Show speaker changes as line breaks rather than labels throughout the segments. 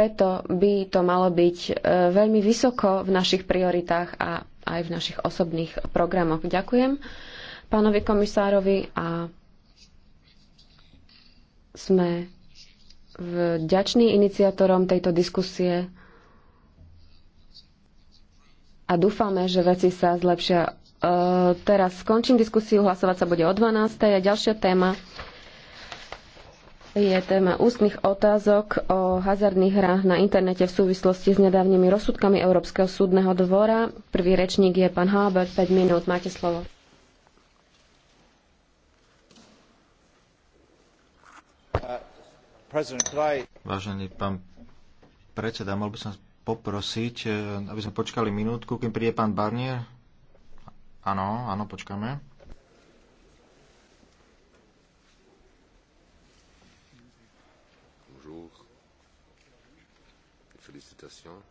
Preto by to malo byť e, veľmi vysoko v našich prioritách a aj v našich osobných programoch. Ďakujem pánovi komisárovi a sme vďační iniciátorom tejto diskusie a dúfame, že veci sa zlepšia. E, teraz skončím diskusiu, hlasovať sa bude o 12. A ďalšia téma je téma ústnych otázok o hazardných hrách na internete v súvislosti s nedávnymi rozsudkami Európskeho súdneho dvora. Prvý rečník je pán Háber, 5 minút, máte slovo.
Vážený pán predseda, mohol by som poprosiť, eh, aby sme počkali minútku, kým príde pán Barnier? Áno, áno, počkáme. citation.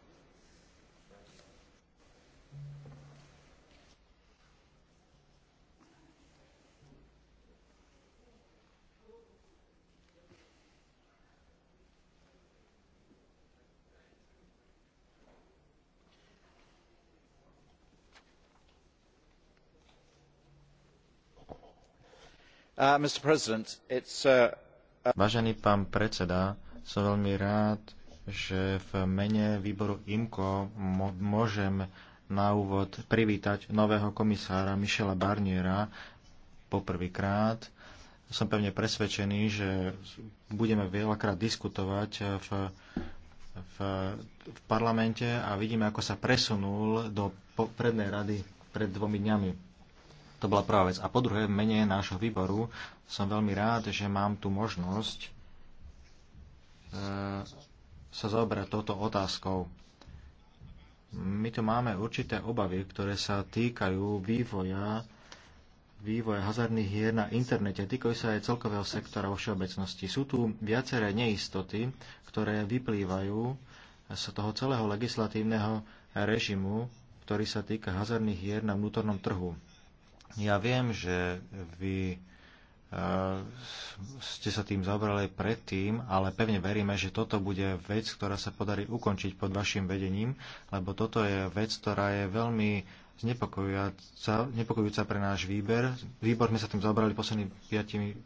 Uh, uh, uh Vážený pán predseda, som veľmi rád, že že v mene výboru IMCO môžem na úvod privítať nového komisára Michela Barniera poprvýkrát. Som pevne presvedčený, že budeme veľakrát diskutovať v, v, v parlamente a vidíme, ako sa presunul do prednej rady pred dvomi dňami. To bola prvá vec. A po druhé, v mene nášho výboru som veľmi rád, že mám tu možnosť e, sa zaoberať touto otázkou. My tu máme určité obavy, ktoré sa týkajú vývoja vývoja hazardných hier na internete, týkajú sa aj celkového sektora vo všeobecnosti. Sú tu viaceré neistoty, ktoré vyplývajú z toho celého legislatívneho režimu, ktorý sa týka hazardných hier na vnútornom trhu. Ja viem, že vy Eh, ste sa tým zaoberali predtým, ale pevne veríme, že toto bude vec, ktorá sa podarí ukončiť pod vašim vedením, lebo toto je vec, ktorá je veľmi znepokojujúca, nepokojujúca pre náš výber. Výbor sme sa tým zaobrali v posledných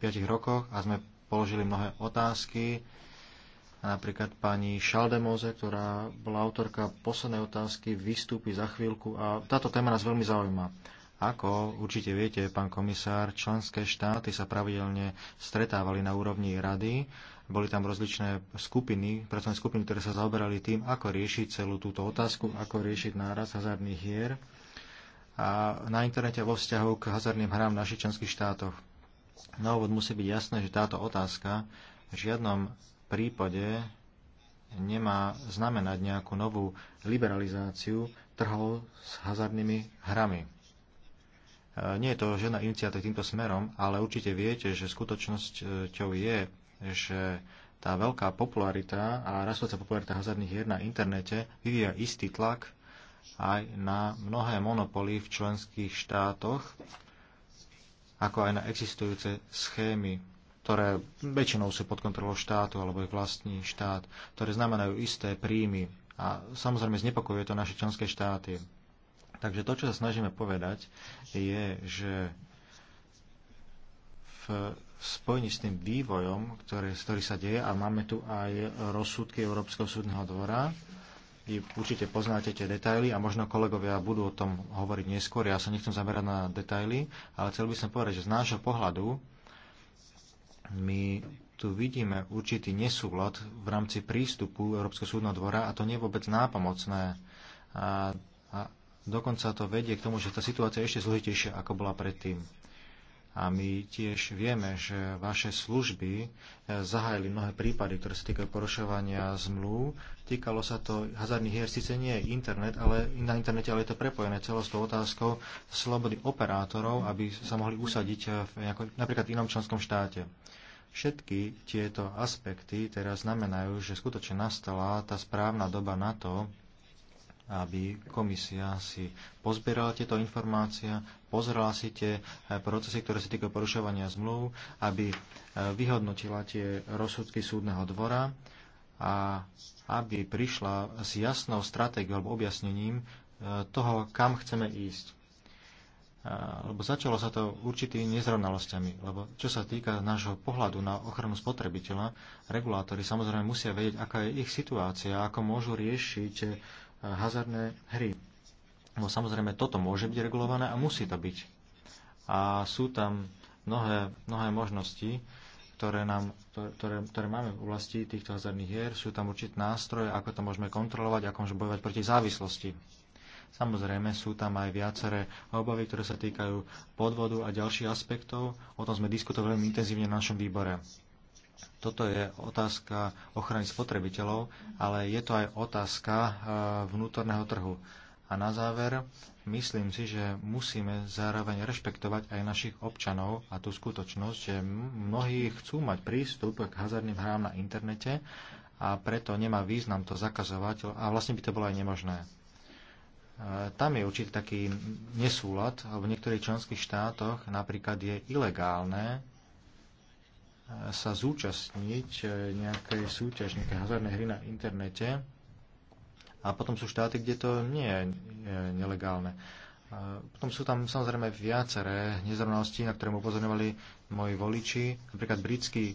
5, 5 rokoch a sme položili mnohé otázky. Napríklad pani Šaldemoze, ktorá bola autorka poslednej otázky, vystúpi za chvíľku a táto téma nás veľmi zaujíma. Ako určite viete, pán komisár, členské štáty sa pravidelne stretávali na úrovni rady. Boli tam rozličné skupiny, pracovné skupiny, ktoré sa zaoberali tým, ako riešiť celú túto otázku, ako riešiť náraz hazardných hier a na internete vo vzťahu k hazardným hrám v našich členských štátoch. Na úvod musí byť jasné, že táto otázka v žiadnom prípade nemá znamenať nejakú novú liberalizáciu trhov s hazardnými hrami. E, nie je to žiadna iniciatíva týmto smerom, ale určite viete, že skutočnosťou je, že tá veľká popularita a rastúca popularita hazardných hier na internete vyvíja istý tlak aj na mnohé monopoly v členských štátoch, ako aj na existujúce schémy, ktoré väčšinou sú pod kontrolou štátu alebo ich vlastní štát, ktoré znamenajú isté príjmy. A samozrejme znepokojuje to naše členské štáty. Takže to, čo sa snažíme povedať, je, že v spojení s tým vývojom, ktorý, ktorý sa deje, a máme tu aj rozsudky Európskeho súdneho dvora, vy určite poznáte tie detaily a možno kolegovia budú o tom hovoriť neskôr. Ja sa nechcem zamerať na detaily, ale chcel by som povedať, že z nášho pohľadu my tu vidíme určitý nesúlad v rámci prístupu Európskeho súdneho dvora a to nie je vôbec nápomocné. A, a, Dokonca to vedie k tomu, že tá situácia je ešte zložitejšia, ako bola predtým. A my tiež vieme, že vaše služby eh, zahájili mnohé prípady, ktoré sa týkajú porušovania zmluv. Týkalo sa to hazardných hier, síce nie je internet, ale na internete, ale je to prepojené celou s tou otázkou slobody operátorov, aby sa mohli usadiť eh, v nejako, napríklad v inom členskom štáte. Všetky tieto aspekty teraz znamenajú, že skutočne nastala tá správna doba na to, aby komisia si pozbierala tieto informácie, pozrela si tie eh, procesy, ktoré sa týkajú porušovania zmluv, aby eh, vyhodnotila tie rozsudky súdneho dvora a aby prišla s jasnou stratégiou alebo objasnením eh, toho, kam chceme ísť. Lebo začalo sa to určitými nezrovnalosťami. Lebo čo sa týka nášho pohľadu na ochranu spotrebiteľa, regulátori samozrejme musia vedieť, aká je ich situácia, ako môžu riešiť hazardné hry. No samozrejme, toto môže byť regulované a musí to byť. A sú tam mnohé, mnohé možnosti, ktoré, nám, ktoré, ktoré máme v oblasti týchto hazardných hier. Sú tam určité nástroje, ako to môžeme kontrolovať, ako môžeme bojovať proti závislosti. Samozrejme, sú tam aj viaceré obavy, ktoré sa týkajú podvodu a ďalších aspektov. O tom sme diskutovali intenzívne na našom výbore toto je otázka ochrany spotrebiteľov, ale je to aj otázka e, vnútorného trhu. A na záver, myslím si, že musíme zároveň rešpektovať aj našich občanov a tú skutočnosť, že mnohí chcú mať prístup k hazardným hrám na internete a preto nemá význam to zakazovať a vlastne by to bolo aj nemožné. E, tam je určite taký nesúlad, v niektorých členských štátoch napríklad je ilegálne sa zúčastniť e, nejakej súťaž, nejaké hazardné hry na internete. A potom sú štáty, kde to nie je e, nelegálne. Potom sú tam samozrejme viaceré nezrovnalosti, na ktoré mu upozorňovali moji voliči. Napríklad britskí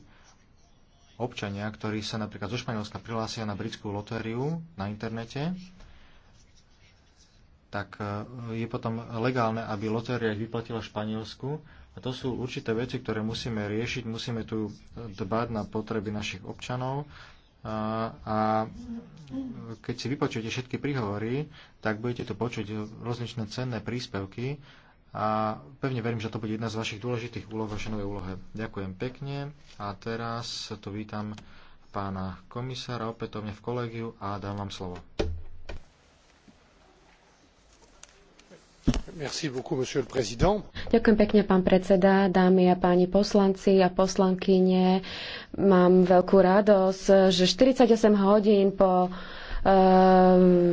občania, ktorí sa napríklad zo Španielska prihlásia na britskú lotériu na internete, tak e, je potom legálne, aby lotéria ich vyplatila Španielsku, a to sú určité veci, ktoré musíme riešiť, musíme tu dbať na potreby našich občanov. A, a keď si vypočujete všetky príhovory, tak budete tu počuť rozličné cenné príspevky a pevne verím, že to bude jedna z vašich dôležitých úloh vašej novej úlohe. Ďakujem pekne a teraz tu vítam pána komisára opätovne v kolegiu
a dám vám slovo.
Ďakujem pekne, pán predseda, dámy a páni poslanci a poslankyne. Mám veľkú radosť, že 48 hodín po eh,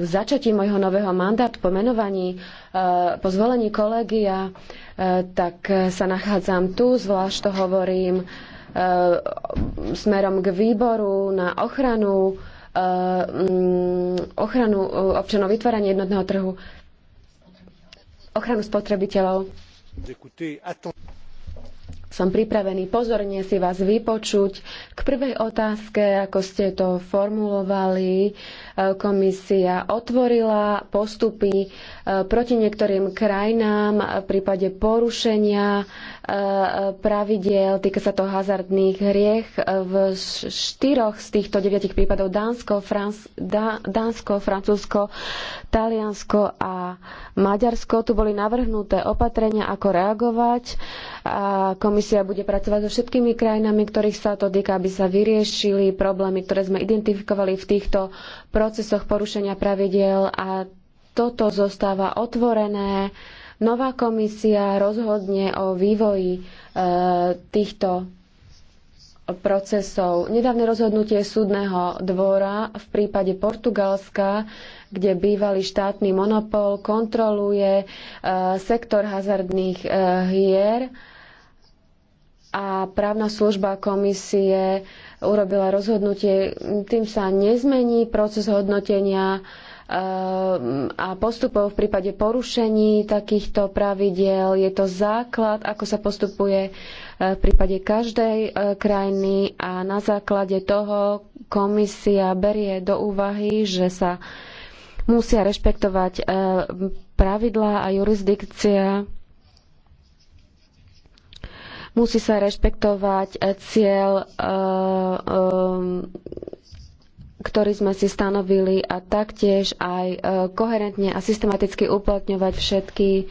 začatí môjho nového mandátu, po menovaní, eh, po zvolení kolegia, eh, tak sa nachádzam tu, zvlášť to hovorím smerom k výboru na ochranu ochranu občanov, vytváranie jednotného trhu ochranu spotrebiteľov. Som pripravený pozorne si vás vypočuť. K prvej otázke, ako ste to formulovali, e, komisia otvorila postupy e, proti niektorým krajinám v prípade porušenia Eh, pravidiel, týka sa to hazardných hriech. V štyroch z týchto deviatich prípadov Dánsko, Franc- da- Dánsko, Francúzsko, Taliansko a Maďarsko. Tu boli navrhnuté opatrenia, ako reagovať. A komisia bude pracovať so všetkými krajinami, ktorých sa to týka, aby sa vyriešili problémy, ktoré sme identifikovali v týchto procesoch porušenia pravidiel a toto zostáva otvorené. Uh, Nová komisia rozhodne o vývoji e, týchto procesov. Nedávne rozhodnutie súdneho dvora v prípade Portugalska, kde bývalý štátny monopol kontroluje e, sektor hazardných e, hier a právna služba komisie urobila rozhodnutie, tým sa nezmení proces hodnotenia e, Ehm, a postupov v prípade porušení takýchto pravidiel. Je to základ, ako sa postupuje eh, v prípade každej eh, krajiny a na základe toho komisia berie do úvahy, že sa musia rešpektovať eh, pravidlá a jurisdikcia musí sa rešpektovať cieľ ehm, ktorý sme si stanovili a taktiež aj e, koherentne a systematicky uplatňovať všetky e,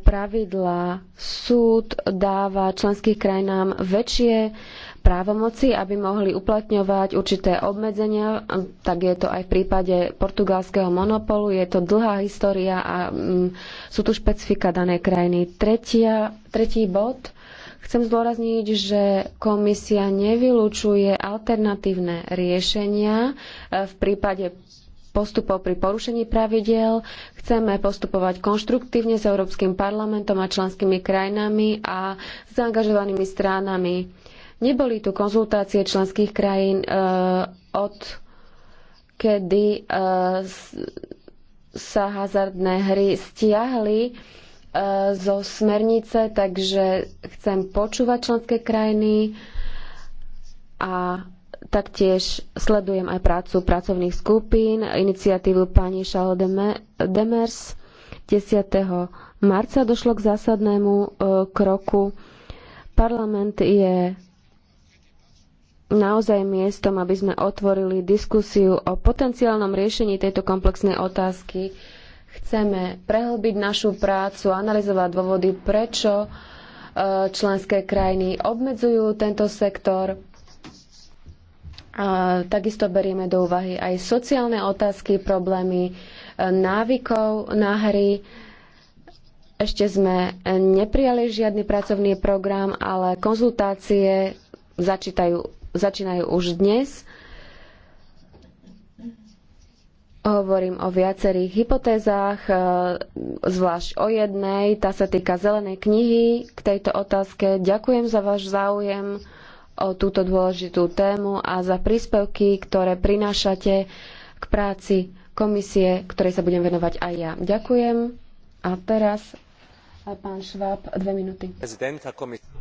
pravidlá. Súd dáva členských krajinám väčšie právomoci, aby mohli uplatňovať určité obmedzenia. Tak je to aj v prípade portugalského monopolu. Je to dlhá história a mm, sú tu špecifika danej krajiny. Tretia, tretí bod Chcem zdôrazniť, že komisia nevylučuje alternatívne riešenia e, v prípade postupov pri porušení pravidel. Chceme postupovať konštruktívne s Európskym parlamentom a členskými krajinami a zaangažovanými stránami. Neboli tu konzultácie členských krajín e, od kedy e, sa hazardné hry stiahli zo smernice, takže chcem počúvať členské krajiny a taktiež sledujem aj prácu pracovných skupín, iniciatívu pani Charles Demers. 10. marca došlo k zásadnému e, kroku. Parlament je naozaj miestom, aby sme otvorili diskusiu o potenciálnom riešení tejto komplexnej otázky Chceme prehlbiť našu prácu, analyzovať dôvody, prečo e, členské krajiny obmedzujú tento sektor. A takisto berieme do úvahy aj sociálne otázky, problémy e, návykov na hry. Ešte sme neprijali žiadny pracovný program, ale konzultácie začínajú už dnes Hovorím o viacerých hypotézách, e, zvlášť o jednej, tá sa týka zelenej knihy k tejto otázke. Ďakujem za váš záujem o túto dôležitú tému a za príspevky, ktoré prinášate k práci komisie, ktorej sa budem venovať aj ja. Ďakujem. A teraz
e, pán Šváb, dve minúty.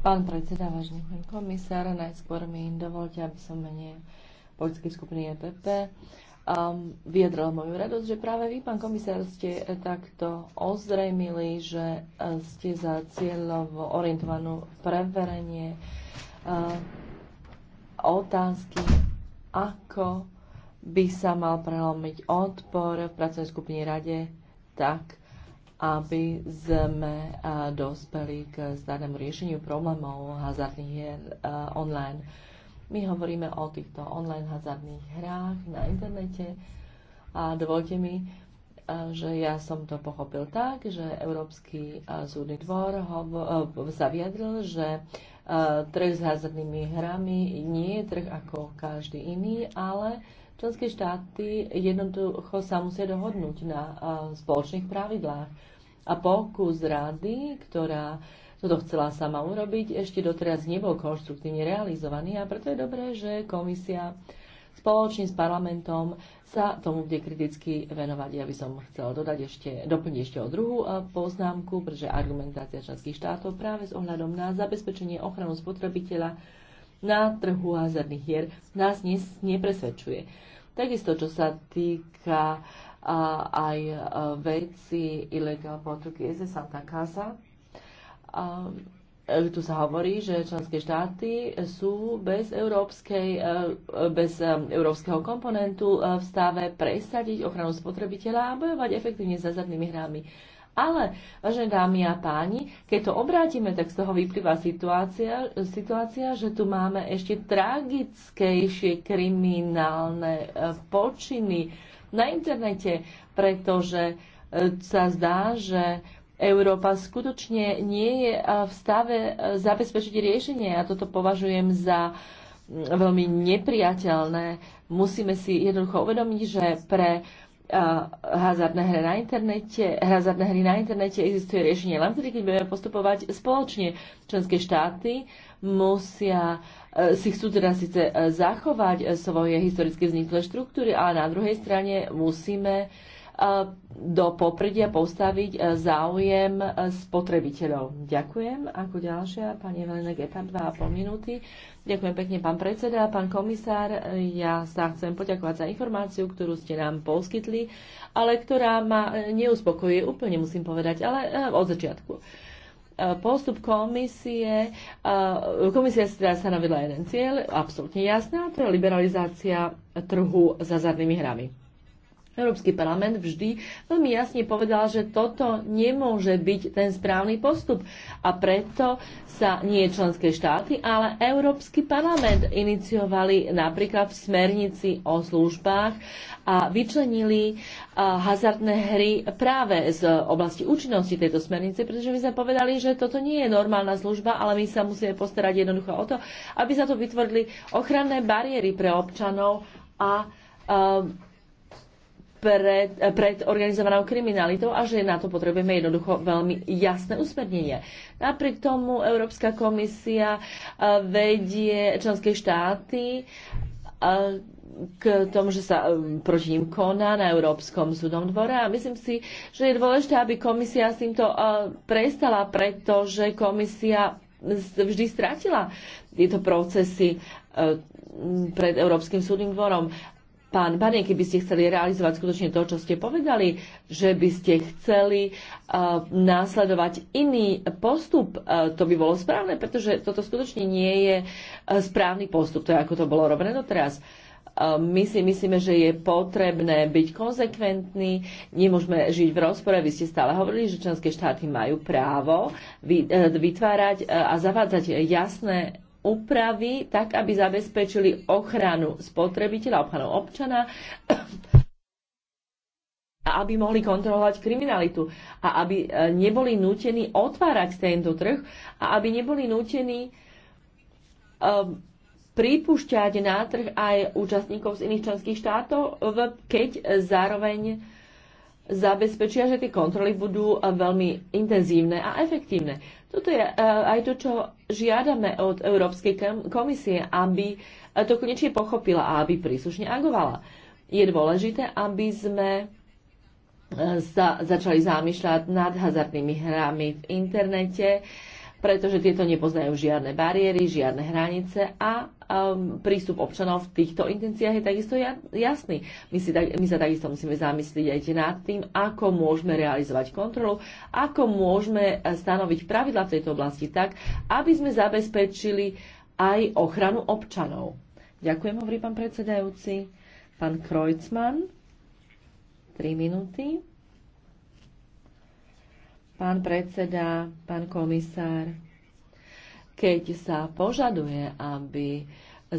Pán predseda, vážený pán komisár, najskôr mi dovolte, aby som menej politickej skupiny EPP um, vyjadrila moju radosť, že práve vy, pán komisár, ste eh, takto ozrejmili, že eh, ste za cieľovo orientovanú preverenie uh, otázky, ako by sa mal prelomiť odpor v pracovnej skupine rade tak, aby sme uh, dospeli k zdanému riešeniu problémov hazardných hier uh, online. Uh, my hovoríme o týchto online hazardných hrách na internete a dovolte mi, eh, že ja som to pochopil tak, že Európsky eh, súdny dvor eh, zaviadril, že trh s hazardnými hrami nie je trh ako každý iný, ale členské štáty jednoducho sa musia dohodnúť na spoločných pravidlách. A pokus rady, ktorá toto chcela sama urobiť, ešte doteraz nebol konštruktívne realizovaný a preto je dobré, že komisia spoločne s parlamentom sa tomu bude kriticky venovať. Ja by som chcela dodať ešte, doplniť ešte o druhú eh, poznámku, pretože argumentácia členských štátov práve s ohľadom na zabezpečenie ochranu spotrebiteľa na trhu hazardných hier nás ne, nepresvedčuje. Takisto, čo sa týka a, eh, aj eh, veci Illegal Portuguese Santa Casa, E, tu sa hovorí, že členské štáty sú bez, európskej, e, bez e, európskeho komponentu v stave presadiť ochranu spotrebiteľa a bojovať efektívne s zásadnými hrami. Ale, vážené dámy a páni, keď to obrátime, tak z toho vyplýva situácia, situácia že tu máme ešte tragickejšie kriminálne počiny na internete, pretože sa zdá, že Európa skutočne nie je eh, v stave eh, zabezpečiť riešenie. Ja toto považujem za mm, veľmi nepriateľné. Musíme si jednoducho uvedomiť, že pre eh, hazardné hry na internete, hazardné hry na internete existuje riešenie len vtedy, keď budeme postupovať spoločne. Členské štáty musia si chcú teda síce zachovať svoje historicky vzniklé štruktúry, ale na druhej strane musíme E, do popredia postaviť e, záujem e, spotrebiteľov. Ďakujem. Ako ďalšia, pani Evelina Gepard, 2,5 minúty. Ďakujem pekne, pán predseda, pán komisár. Ja sa chcem poďakovať za informáciu, ktorú ste nám poskytli, ale ktorá ma neuspokojuje úplne, musím povedať, ale od začiatku postup komisie, komisia si teda stanovila jeden cieľ, absolútne jasná, to je liberalizácia trhu s hazardnými hrami. Európsky parlament vždy veľmi jasne povedal, že toto nemôže byť ten správny postup. A preto sa nie členské štáty, ale Európsky parlament iniciovali napríklad v smernici o službách a vyčlenili hazardné hry práve z oblasti účinnosti tejto smernice, pretože my sme povedali, že toto nie je normálna služba, ale my sa musíme postarať jednoducho o to, aby sa tu vytvorili ochranné bariéry pre občanov a pred, pred organizovanou kriminalitou a že na to potrebujeme jednoducho veľmi jasné usmernenie. Napriek tomu Európska komisia e, vedie členské štáty e, k tomu, že sa e, proti ním koná na Európskom súdom dvore a myslím si, že je dôležité, aby komisia s týmto prestala, pretože komisia vždy stratila tieto procesy pred Európskym súdnym dvorom. Pán Banek, keby ste chceli realizovať skutočne to, čo ste povedali, že by ste chceli uh, následovať iný postup, uh, to by bolo správne, pretože toto skutočne nie je uh, správny postup, to je ako to bolo robené doteraz. my si myslíme, že je potrebné byť konzekventní, nemôžeme žiť v rozpore. Vy ste stále hovorili, že členské štáty majú právo vytvárať a zavádzať jasné úpravy tak, aby zabezpečili ochranu spotrebiteľa, ochranu občana a aby mohli kontrolovať kriminalitu a aby e, neboli nútení otvárať tento trh a aby neboli nútení um, pripúšťať na trh aj účastníkov z iných členských štátov, keď zároveň zabezpečia, že tie kontroly budú eh, veľmi intenzívne a efektívne. Toto je eh, aj to, čo žiadame od Európskej komisie, aby eh, to konečne pochopila a aby príslušne agovala. Je dôležité, aby sme sa začali zamýšľať nad hazardnými hrami v internete, pretože tieto nepoznajú žiadne bariéry, žiadne hranice a um, prístup občanov v týchto intenciách je takisto jasný. My, si tak, my sa takisto musíme zamyslieť aj nad tým, ako môžeme realizovať kontrolu, ako môžeme e, stanoviť pravidla v tejto oblasti tak, aby sme zabezpečili aj ochranu občanov. Ďakujem, hovorí pán predsedajúci. Pán Krojcman, 3 minúty. Pán predseda, pán komisár, keď sa požaduje, aby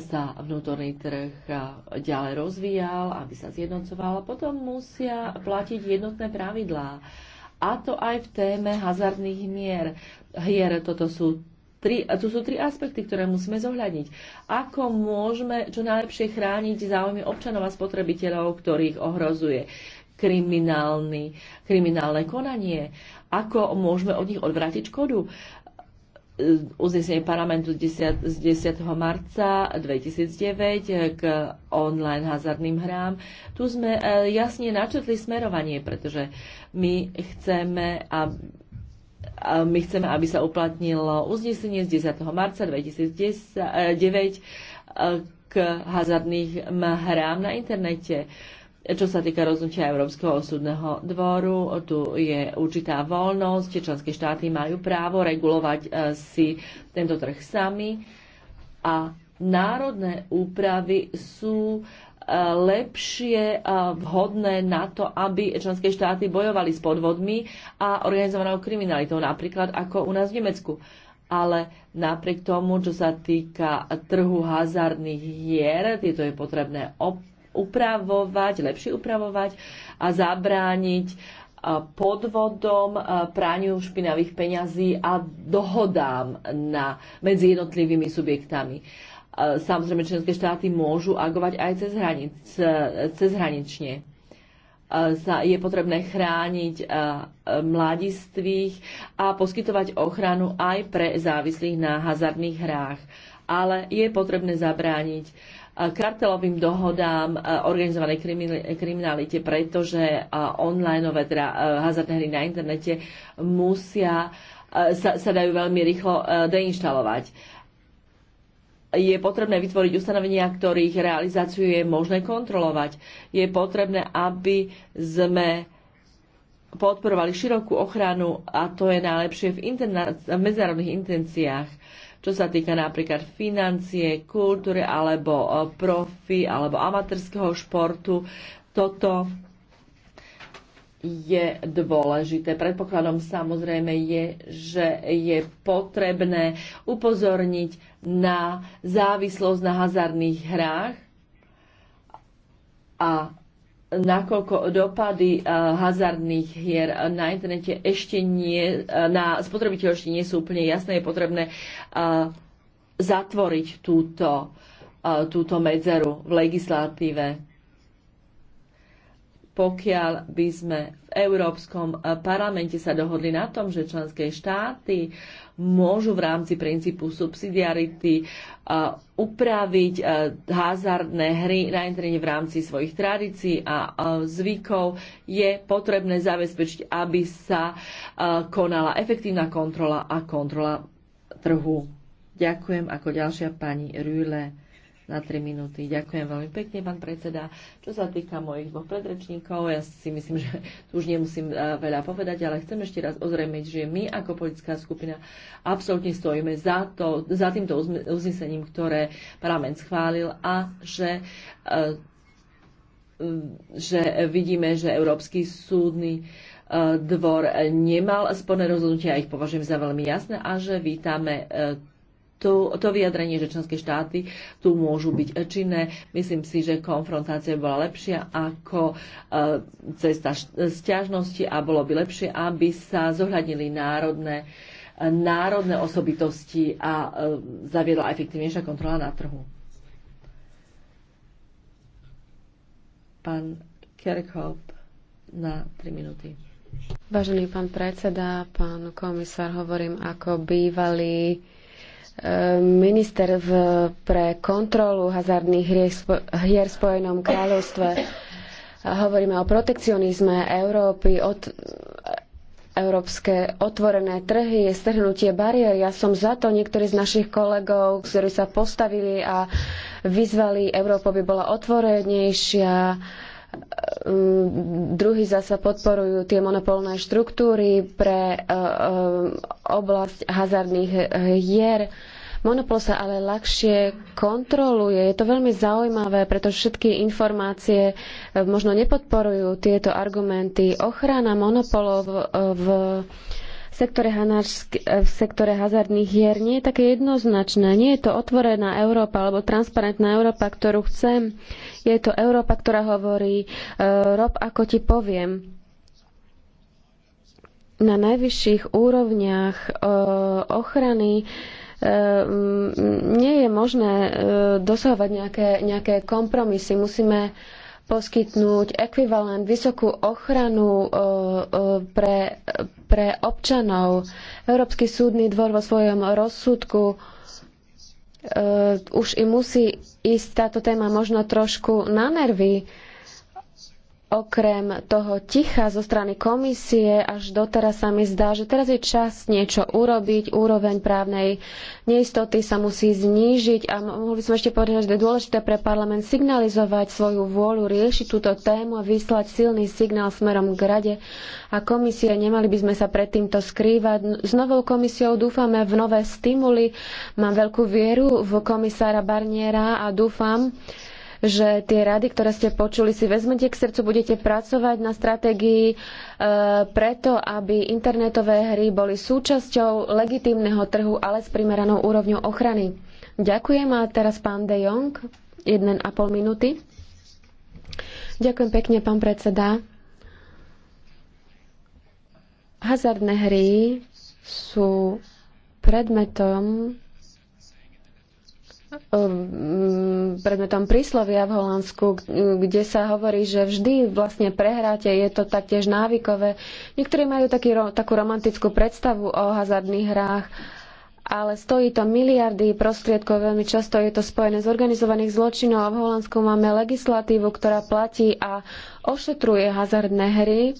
sa vnútorný trh ďalej rozvíjal, aby sa zjednocoval, potom musia platiť jednotné pravidlá. A to aj v téme hazardných mier. Hier, toto sú Tri, tu sú tri aspekty, ktoré musíme zohľadniť. Ako môžeme čo najlepšie chrániť záujmy občanov a spotrebiteľov, ktorých ohrozuje kriminálne konanie ako môžeme od nich odvrátiť škodu? uznesenie parlamentu z 10, z 10. marca 2009 k online hazardným hrám. Tu sme e, jasne načetli smerovanie, pretože my chceme, my chceme, aby sa uplatnilo uznesenie z 10. marca 2009 e, e, k hazardným hrám na internete. Čo sa týka rozhodnutia Európskeho súdneho dvoru, tu je určitá voľnosť, členské štáty majú právo regulovať e, si tento trh sami a národné úpravy sú e, lepšie e, vhodné na to, aby členské štáty bojovali s podvodmi a organizovanou kriminalitou, napríklad ako u nás v Nemecku. Ale napriek tomu, čo sa týka trhu hazardných hier, tieto je potrebné op- upravovať, lepšie upravovať a zabrániť podvodom, praniu špinavých peňazí a dohodám na, medzi jednotlivými subjektami. Samozrejme, členské štáty môžu agovať aj cez, hranic, e, cez hranične je potrebné chrániť e, mladistvých a poskytovať ochranu aj pre závislých na hazardných hrách. Ale je potrebné zabrániť kartelovým dohodám, organizovanej kriminalite, pretože onlineové teda, hazardné hry na internete musia, sa, sa dajú veľmi rýchlo deinštalovať. Je potrebné vytvoriť ustanovenia, ktorých realizáciu je možné kontrolovať. Je potrebné, aby sme podporovali širokú ochranu a to je najlepšie v, v medzinárodných intenciách čo sa týka napríklad financie, kultúry alebo e, profi alebo amatérskeho športu. Toto je dôležité. Predpokladom samozrejme je, že je potrebné upozorniť na závislosť na hazardných hrách a nakoľko dopady eh, hazardných hier na internete ešte nie, eh, na spotrebiteľ ešte nie sú úplne jasné, je potrebné eh, zatvoriť túto, túto medzeru v legislatíve pokiaľ by sme v Európskom parlamente sa dohodli na tom, že členské štáty môžu v rámci princípu subsidiarity e, upraviť e, hazardné hry na internete v rámci svojich tradícií a e, zvykov, je potrebné zabezpečiť, aby sa konala efektívna kontrola a kontrola trhu. Ďakujem ako ďalšia pani Rüle na 3 minúty. Ďakujem veľmi pekne, pán predseda. Čo sa týka mojich dvoch predrečníkov, ja si myslím, že tu už nemusím e, veľa povedať, ale chcem ešte raz ozrejmiť, že my ako politická skupina absolútne stojíme za, to, za týmto uznesením, ktoré parlament schválil a že e, že vidíme, že Európsky súdny e, dvor nemal sporné rozhodnutia, a ich považujem za veľmi jasné a že vítame to, to vyjadrenie, že členské štáty tu môžu byť činné. Myslím si, že konfrontácia bola lepšia ako e, cesta stiažnosti a bolo by lepšie, aby sa zohľadnili národné, národné osobitosti a e, zaviedla efektívnejšia kontrola na trhu. Pán Kerkhoff na 3 minúty. Vážený pán predseda, pán
komisár, hovorím ako bývalý minister v, pre kontrolu hazardných hier, v Spojenom kráľovstve. Hovoríme o protekcionizme Európy, od, európske otvorené trhy, strhnutie bariér. Ja som za to niektorí z našich kolegov, ktorí sa postavili a vyzvali Európu, by bola otvorenejšia Ehm, druhy zasa podporujú tie monopolné štruktúry pre ehm, oblasť hazardných hier. Monopol sa ale ľahšie kontroluje. Je to veľmi zaujímavé, pretože všetky informácie ehm, možno nepodporujú tieto argumenty. Ochrana monopolov v, v sektore, hanársky, v sektore hazardných hier nie je také jednoznačné. Nie je to otvorená Európa alebo transparentná Európa, ktorú chcem. Je to Európa, ktorá hovorí, e, rob ako ti poviem. Na najvyšších úrovniach e, ochrany e, nie je možné dosahovať nejaké, nejaké kompromisy. Musíme poskytnúť ekvivalent, vysokú ochranu e, e, pre, pre občanov. Európsky súdny dvor vo svojom rozsudku e, už i musí ísť táto téma možno trošku na nervy, okrem toho ticha zo strany komisie až doteraz sa mi zdá, že teraz je čas niečo urobiť, úroveň právnej neistoty sa musí znížiť a mohli by sme ešte povedať, že je dôležité pre parlament signalizovať svoju vôľu, riešiť túto tému a vyslať silný signál smerom k rade a komisie. Nemali by sme sa pred týmto skrývať. S novou komisiou dúfame v nové stimuly. Mám veľkú vieru v komisára Barniera a dúfam, že tie rady, ktoré ste počuli, si vezmete k srdcu, budete pracovať na stratégii e, preto, aby internetové hry boli súčasťou legitímneho trhu, ale s primeranou úrovňou ochrany. Ďakujem a teraz pán De Jong, 1,5 minúty. Ďakujem pekne, pán predseda. Hazardné hry sú predmetom Ehm, predmetom príslovia v Holandsku, kde sa hovorí, že vždy vlastne prehráte, je to taktiež návykové. Niektorí majú taký, takú romantickú predstavu o hazardných hrách, ale stojí to miliardy prostriedkov, veľmi často je to spojené s organizovaných zločinov a v Holandsku máme legislatívu, ktorá platí a ošetruje hazardné hry e,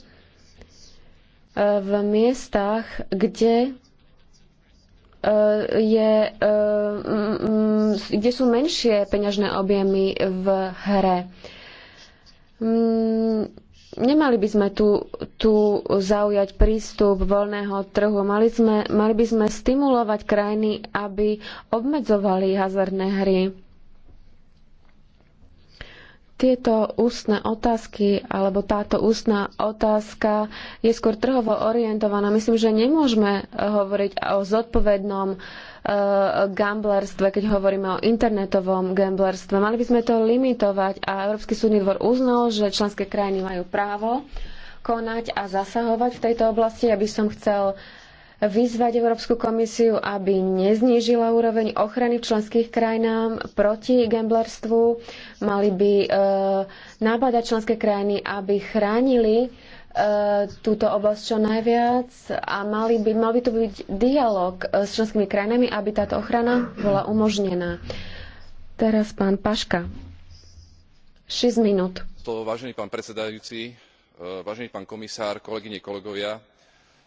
v miestach, kde e, je e, kde sú menšie peňažné objemy v hre. Mm, nemali by sme tu, tu zaujať prístup voľného trhu. Mali, sme, mali by sme stimulovať krajiny, aby obmedzovali hazardné hry. Tieto ústne otázky, alebo táto ústna otázka je skôr trhovo orientovaná. Myslím, že nemôžeme eh, hovoriť o zodpovednom eh, gamblerstve, keď hovoríme o internetovom gamblerstve. Mali by sme to limitovať a Európsky súdny dvor uznal, že členské krajiny majú právo konať a zasahovať v tejto oblasti. Ja by som chcel uh, vyzvať Európsku komisiu, aby neznížila úroveň ochrany v členských krajinách proti gamblerstvu. Mali by e, nabádať členské krajiny, aby chránili e, túto oblasť čo najviac a mali by, mal by tu byť dialog e, s členskými krajinami, aby táto ochrana bola umožnená. Teraz pán Paška. 6 minút.
vážený pán predsedajúci, e, vážený pán komisár, kolegyne, kolegovia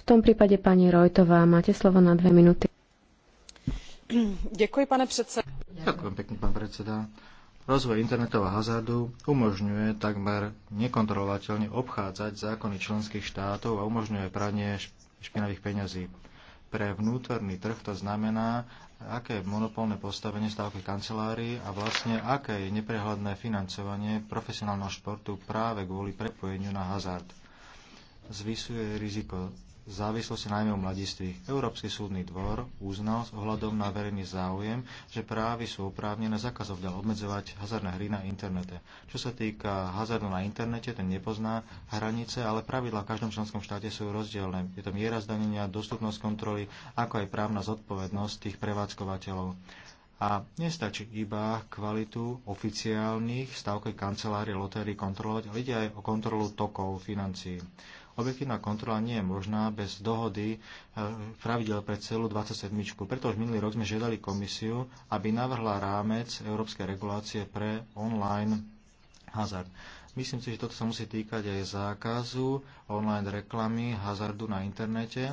v tom prípade pani Rojtová, máte slovo na dve minúty.
Ďakujem, pane predseda. Ďakujem pekne, pán predseda. Rozvoj internetového hazardu umožňuje takmer nekontrolovateľne obchádzať zákony členských štátov a umožňuje pranie špinavých peňazí. Pre vnútorný trh to znamená, aké je monopolné postavenie stávky kancelárií a vlastne aké je neprehľadné financovanie profesionálneho športu práve kvôli prepojeniu na hazard. Zvisuje riziko v závislosti najmä u mladistvých. Európsky súdny dvor uznal s ohľadom na verejný záujem, že právy sú oprávnené ďal obmedzovať hazardné hry na internete. Čo sa týka hazardu na internete, ten nepozná hranice, ale pravidla v každom členskom štáte sú rozdielne. Je to miera zdanenia, dostupnosť kontroly, ako aj právna zodpovednosť tých prevádzkovateľov. A nestačí iba kvalitu oficiálnych stavkej kancelárie lotérii kontrolovať, ale ide aj o kontrolu tokov financií. Objektívna kontrola nie je možná bez dohody e, pravidel pre celú 27. Preto už minulý rok sme žiadali komisiu, aby navrhla rámec európskej regulácie pre online hazard. Myslím si, že toto sa musí týkať aj zákazu online reklamy hazardu na internete e,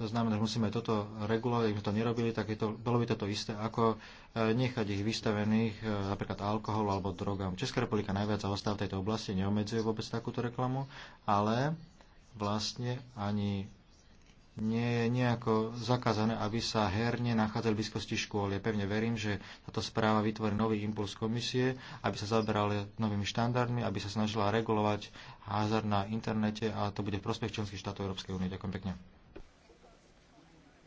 to znamená, že musíme toto regulovať, ak sme to nerobili, tak je to, bolo by toto isté, ako e, nechať ich vystavených e, napríklad alkohol alebo drogám. Česká republika najviac zaostáva v tejto oblasti, neomedzuje vôbec takúto reklamu, ale vlastne ani nie je nejako zakázané, aby sa herne nachádzali v blízkosti škôl. Ja pevne verím, že táto správa vytvorí nový impuls komisie, aby sa zaberali novými štandardmi, aby sa snažila regulovať Hazard na internete a to bude v prospech členských štátov Európskej únie. Ďakujem pekne.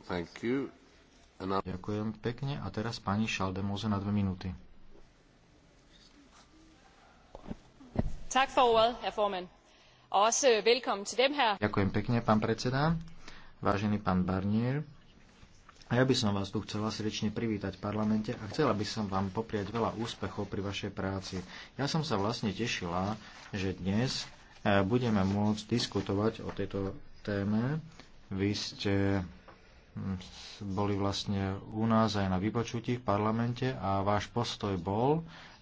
Ďakujem pekne. A teraz pani Šaldemoze na dve minúty.
Tak
for ordet, herr formand. også velkommen til dem her.
Ďakujem pekne, pán predseda. Vážený pán Barnier, a ja by som vás tu chcela srdečne privítať v parlamente a chcela by som vám popriať veľa úspechov pri vašej práci. Ja som sa vlastne tešila, že dnes eh, budeme môcť diskutovať o tejto téme. Vy ste boli vlastne u nás aj na vypočutí v parlamente a váš postoj bol,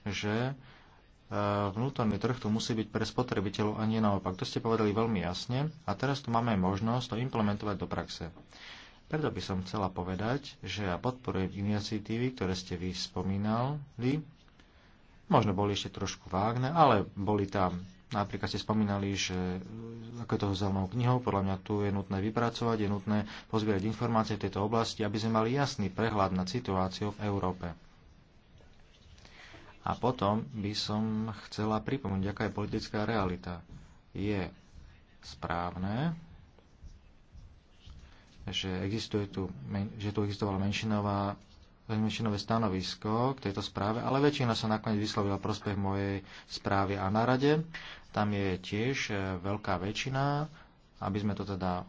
že e, vnútorný trh tu musí byť pre spotrebiteľov a nie naopak. To ste povedali veľmi jasne a teraz tu máme možnosť to implementovať do praxe. Preto by som chcela povedať, že ja podporujem iniciatívy, ktoré ste vy spomínali. Možno boli ešte trošku vágne, ale boli tam Napríklad ste spomínali, že ako je toho zelenou knihou, podľa mňa tu je nutné vypracovať, je nutné pozbierať informácie v tejto oblasti, aby sme mali jasný prehľad nad situáciou v Európe. A potom by som chcela pripomenúť, aká je politická realita. Je správne, že, existuje tu, že tu existovala menšinová menšinové stanovisko k tejto správe, ale väčšina sa nakoniec vyslovila prospech mojej správy a narade. Tam je tiež e, veľká väčšina, aby sme to teda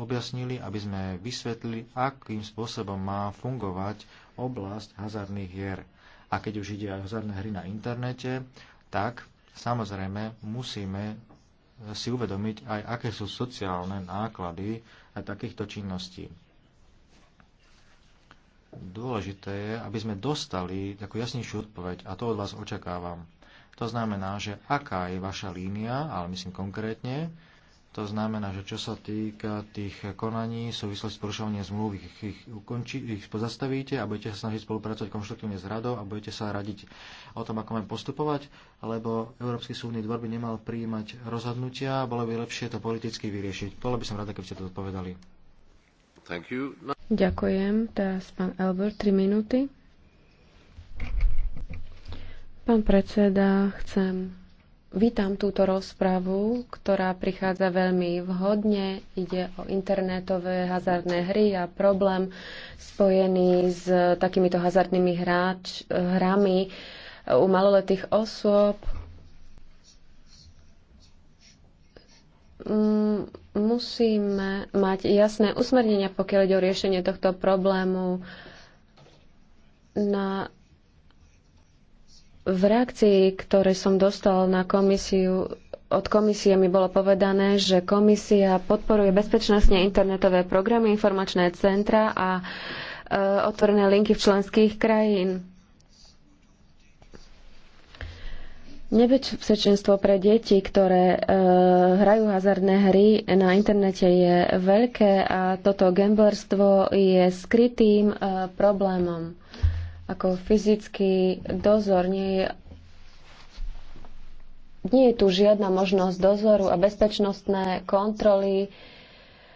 objasnili, aby sme vysvetlili, akým spôsobom má fungovať oblasť hazardných hier. A keď už ide aj hazardné hry na internete, tak samozrejme musíme si uvedomiť aj, aké sú sociálne náklady aj takýchto činností. Dôležité je, aby sme dostali takú jasnejšiu odpoveď a to od vás očakávam. To znamená, že aká je vaša línia, ale myslím konkrétne, to znamená, že čo sa týka tých konaní v súvislosti s porušovaním zmluv, ich, ich, ukonči, ich pozastavíte a budete sa snažiť spolupracovať konštruktívne s radou a budete sa radiť o tom, ako máme postupovať, lebo Európsky súdny dvor by nemal prijímať rozhodnutia, bolo by lepšie to politicky vyriešiť. Bolo by som rada, keby ste to odpovedali.
Thank you. No...
Ďakujem. Teraz pán Albert, 3 minúty. Pán predseda, chcem. Vítam túto rozpravu, ktorá prichádza veľmi vhodne. Ide o internetové hazardné hry a problém spojený s takýmito hazardnými hráč, hrami u maloletých osôb, mm, musíme mať jasné usmernenia, pokiaľ ide o riešenie tohto problému na v reakcii, ktoré som dostal na komisiu, od komisie mi bolo povedané, že komisia podporuje bezpečnostne internetové programy, informačné centra a e, otvorené linky v členských krajín. Nebezpečenstvo pre deti, ktoré e, hrajú hazardné hry na internete je veľké a toto gamblerstvo je skrytým e, problémom ako fyzický dozor nie je nie je tu žiadna možnosť dozoru a bezpečnostné kontroly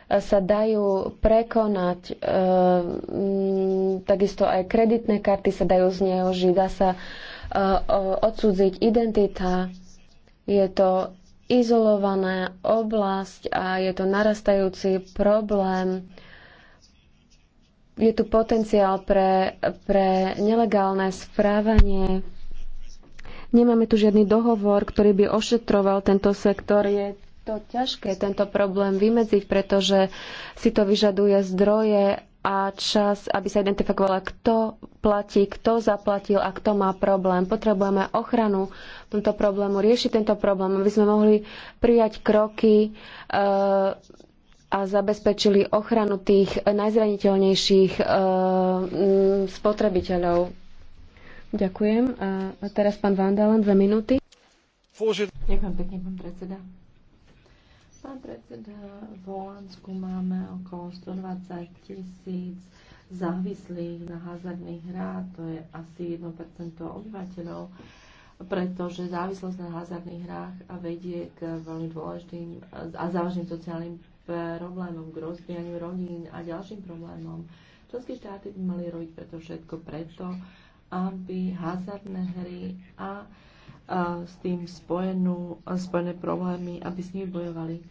sa dajú prekonať. E, takisto aj kreditné karty sa dajú zneužiť, dá sa e, odsudziť identita. Je to izolovaná oblasť a je to narastajúci problém je tu potenciál pre, pre nelegálne správanie. Nemáme tu žiadny dohovor, ktorý by ošetroval tento sektor. Je to ťažké tento problém vymedziť, pretože si to vyžaduje zdroje a čas, aby sa identifikovala, kto platí, kto zaplatil a kto má problém. Potrebujeme ochranu tomto problému, riešiť tento problém, aby sme mohli prijať kroky e, a zabezpečili ochranu tých najzraniteľnejších eh, mm, spotrebiteľov. Ďakujem. A teraz pán Vandalen, dve minúty.
Ďakujem
pekne, pán predseda. Pán predseda, v Holandsku máme okolo 120 tisíc závislých na hazardných hrách, to je asi 1% obyvateľov pretože závislosť na hazardných hrách vedie k veľmi dôležitým a závažným sociálnym problémom, k rozbijaniu rodín a ďalším problémom. Členské štáty by mali robiť preto všetko preto, aby hazardné hry a, a s tým spojenú, spojené problémy, aby s nimi bojovali.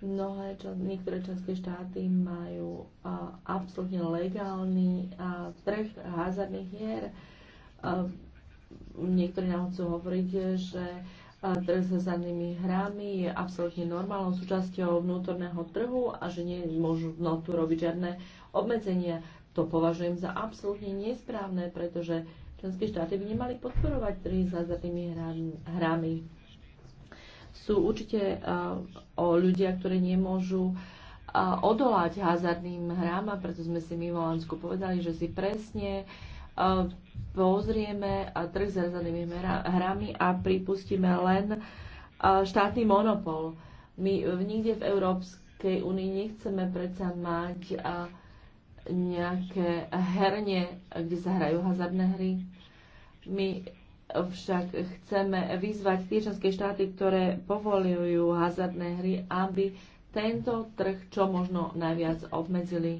Mnohé, niektoré členské štáty majú a, absolútne legálny a, trh hazardných hier. A, niektorí nám chcú hovoriť, že hazardnými hrami je absolútne normálnou súčasťou vnútorného trhu a že možno tu robiť žiadne obmedzenia. To považujem za absolútne nesprávne, pretože členské štáty by nemali podporovať trhy s hazardnými hrami. Sú určite uh, o ľudia, ktorí nemôžu uh, odolať hazardným hrám a preto sme si my v Holandsku povedali, že si presne uh, pozrieme trh s rezervnými hrami a pripustíme len štátny monopol. My nikde v Európskej únii nechceme predsa mať nejaké herne, kde sa hrajú hazardné hry. My však chceme vyzvať tie členské štáty, ktoré povolujú hazardné hry, aby tento trh čo možno najviac obmedzili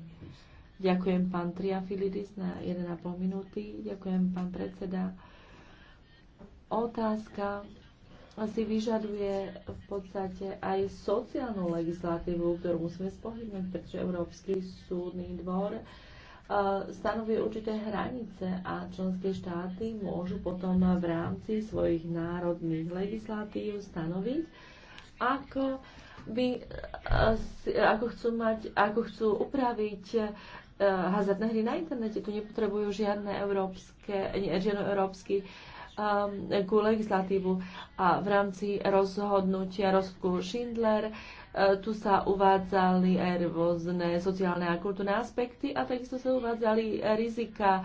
Ďakujem pán Triafilidis na 1,5 minúty. Ďakujem pán predseda. Otázka si vyžaduje v podstate aj sociálnu legislatívu, ktorú musíme spohybnúť, pretože Európsky súdny dvor eh, stanovuje určité hranice a členské štáty môžu potom v rámci svojich národných legislatív stanoviť, ako by, eh, ako chcú mať, ako chcú upraviť E, hazardné hry na internete. Tu nepotrebujú žiadne európske, nie, žiadnu európsky um, ku legislatívu a v rámci rozhodnutia rozku Schindler e, tu sa uvádzali aj rôzne sociálne a kultúrne aspekty a takisto sa uvádzali rizika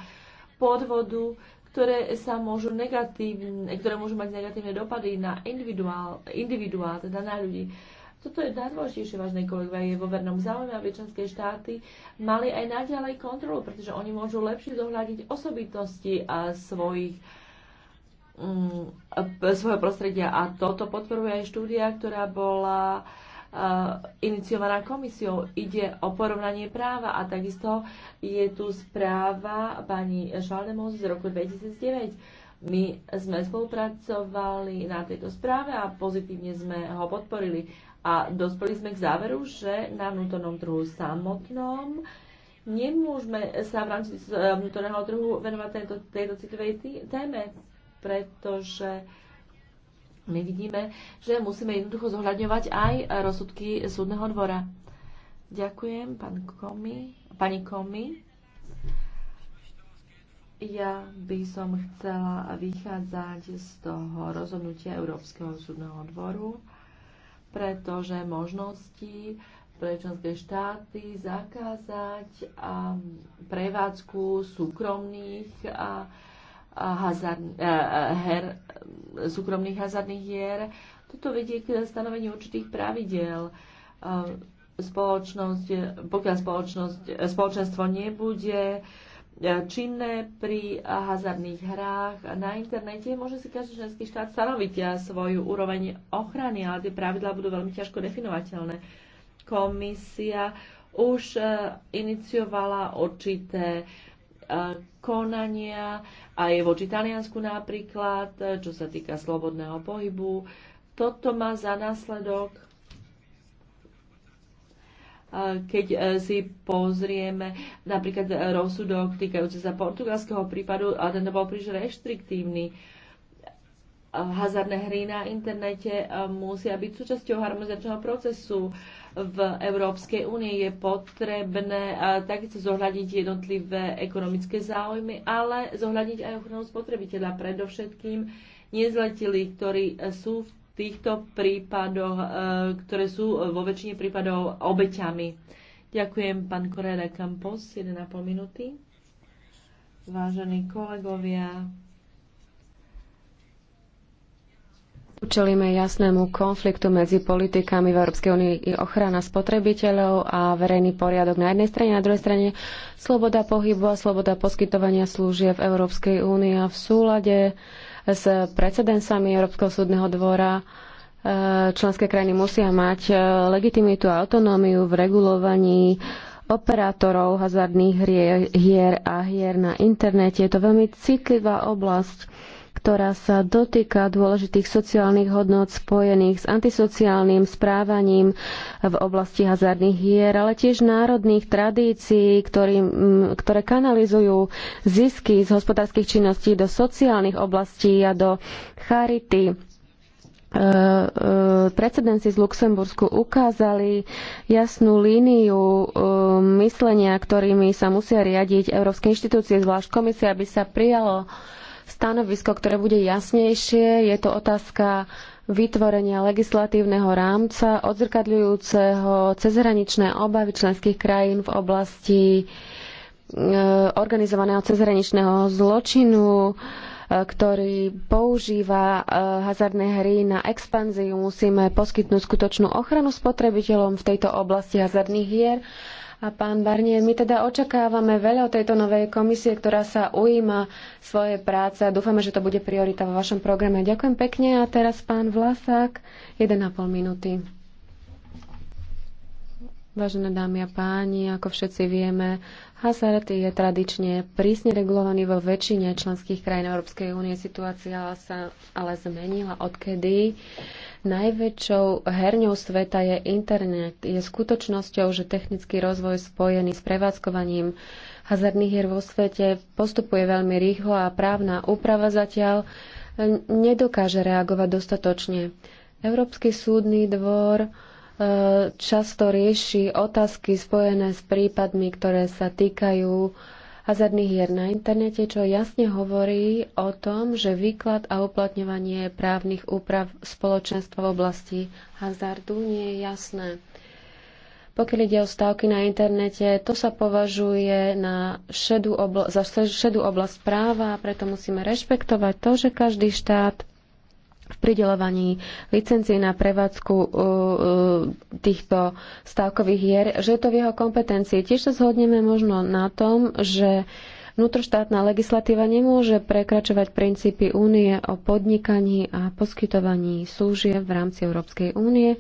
podvodu, ktoré sa môžu negatívne, ktoré môžu mať negatívne dopady na individuál, individuál teda na ľudí. Toto je najdôležitejšie, vážne kolegovia, je vo vernom záujme, aby členské štáty mali aj naďalej kontrolu, pretože oni môžu lepšie zohľadiť osobitosti a svojich mm, svojho prostredia. A toto podporuje aj štúdia, ktorá bola iniciovaná komisiou. Ide o porovnanie práva a takisto je tu správa pani Šaldemos z roku 2009. My sme spolupracovali na tejto správe a pozitívne sme ho podporili. A dospeli sme k záveru, že na vnútornom trhu samotnom nemôžeme sa v rámci eh, vnútorného trhu venovať tejto, tejto citlivej téme, pretože my vidíme, že musíme jednoducho zohľadňovať aj rozsudky súdneho dvora. Ďakujem, pán Komi, pani Komi. Ja by som chcela vychádzať z toho rozhodnutia Európskeho súdneho dvoru pretože možnosti pre členské štáty zakázať a prevádzku súkromných a, a hazard, a, her, súkromných hazardných hier. Toto vedie k stanoveniu určitých pravidel. Spoločnosť, pokiaľ spoločnosť, spoločenstvo nebude E, činné pri hazardných hrách na internete, môže si každý ženský štát stanoviť e, svoju úroveň ochrany, ale tie pravidlá budú veľmi ťažko definovateľné. Komisia už e, iniciovala určité konania aj voči Taliansku napríklad, čo sa týka slobodného pohybu. Toto má za následok keď e, si pozrieme napríklad rozsudok týkajúci sa portugalského prípadu, a ten bol príliš reštriktívny. Hazardné hry na internete e, musia byť súčasťou harmonizačného procesu v Európskej únie. Je potrebné e, takisto zohľadniť jednotlivé ekonomické záujmy, ale zohľadniť aj ochranu spotrebiteľa, predovšetkým nezletili, ktorí sú v týchto prípadoch, e, ktoré sú e, vo väčšine prípadov obeťami. Ďakujem, pán Koreda Campos, 1,5 minúty. Vážení kolegovia,
Čelíme jasnému konfliktu medzi politikami v Európskej únii i ochrana spotrebiteľov a verejný poriadok na jednej strane, na druhej strane sloboda pohybu a sloboda poskytovania služieb v Európskej únii a v súlade s precedensami Európskeho súdneho dvora. E, členské krajiny musia mať e, legitimitu a autonómiu v regulovaní operátorov hazardných hier a hier na internete. Je to veľmi citlivá oblasť ktorá sa dotýka dôležitých sociálnych hodnot spojených s antisociálnym správaním v oblasti hazardných hier, ale tiež národných tradícií, ktorý, mm, ktoré kanalizujú zisky z hospodárskych činností do sociálnych oblastí a do charity e, e, precedenci z Luxembursku ukázali jasnú líniu e, myslenia, ktorými sa musia riadiť európske inštitúcie, zvlášť komisia, aby sa prijalo stanovisko, ktoré bude jasnejšie. Je to otázka vytvorenia legislatívneho rámca odzrkadľujúceho cezhraničné obavy členských krajín v oblasti e, organizovaného cezhraničného zločinu, e, ktorý používa e, hazardné hry na expanziu. Musíme poskytnúť skutočnú ochranu spotrebiteľom v tejto oblasti hazardných hier a pán Barnier, my teda očakávame veľa od tejto novej komisie, ktorá sa ujíma svoje práce a dúfame, že to bude priorita vo vašom programe. Ďakujem pekne a teraz pán Vlasák, 1,5 minúty. Vážené dámy a páni, ako všetci vieme, Hazard je tradične prísne regulovaný vo väčšine členských krajín Európskej únie. Situácia sa ale zmenila, odkedy najväčšou herňou sveta je internet. Je skutočnosťou, že technický rozvoj spojený s prevádzkovaním hazardných hier vo svete postupuje veľmi rýchlo a právna úprava zatiaľ nedokáže reagovať dostatočne. Európsky súdny dvor často rieši otázky spojené s prípadmi, ktoré sa týkajú hazardných hier na internete, čo jasne hovorí o tom, že výklad a uplatňovanie právnych úprav spoločenstva v oblasti hazardu nie je jasné. Pokiaľ ide o stávky na internete, to sa považuje na šedú obla- za šedú oblasť práva preto musíme rešpektovať to, že každý štát v pridelovaní licencií na prevádzku uh, uh, týchto stávkových hier, že je to v jeho kompetencii. Tiež sa zhodneme možno na tom, že vnútroštátna legislatíva nemôže prekračovať princípy únie o podnikaní a poskytovaní služieb v rámci Európskej únie.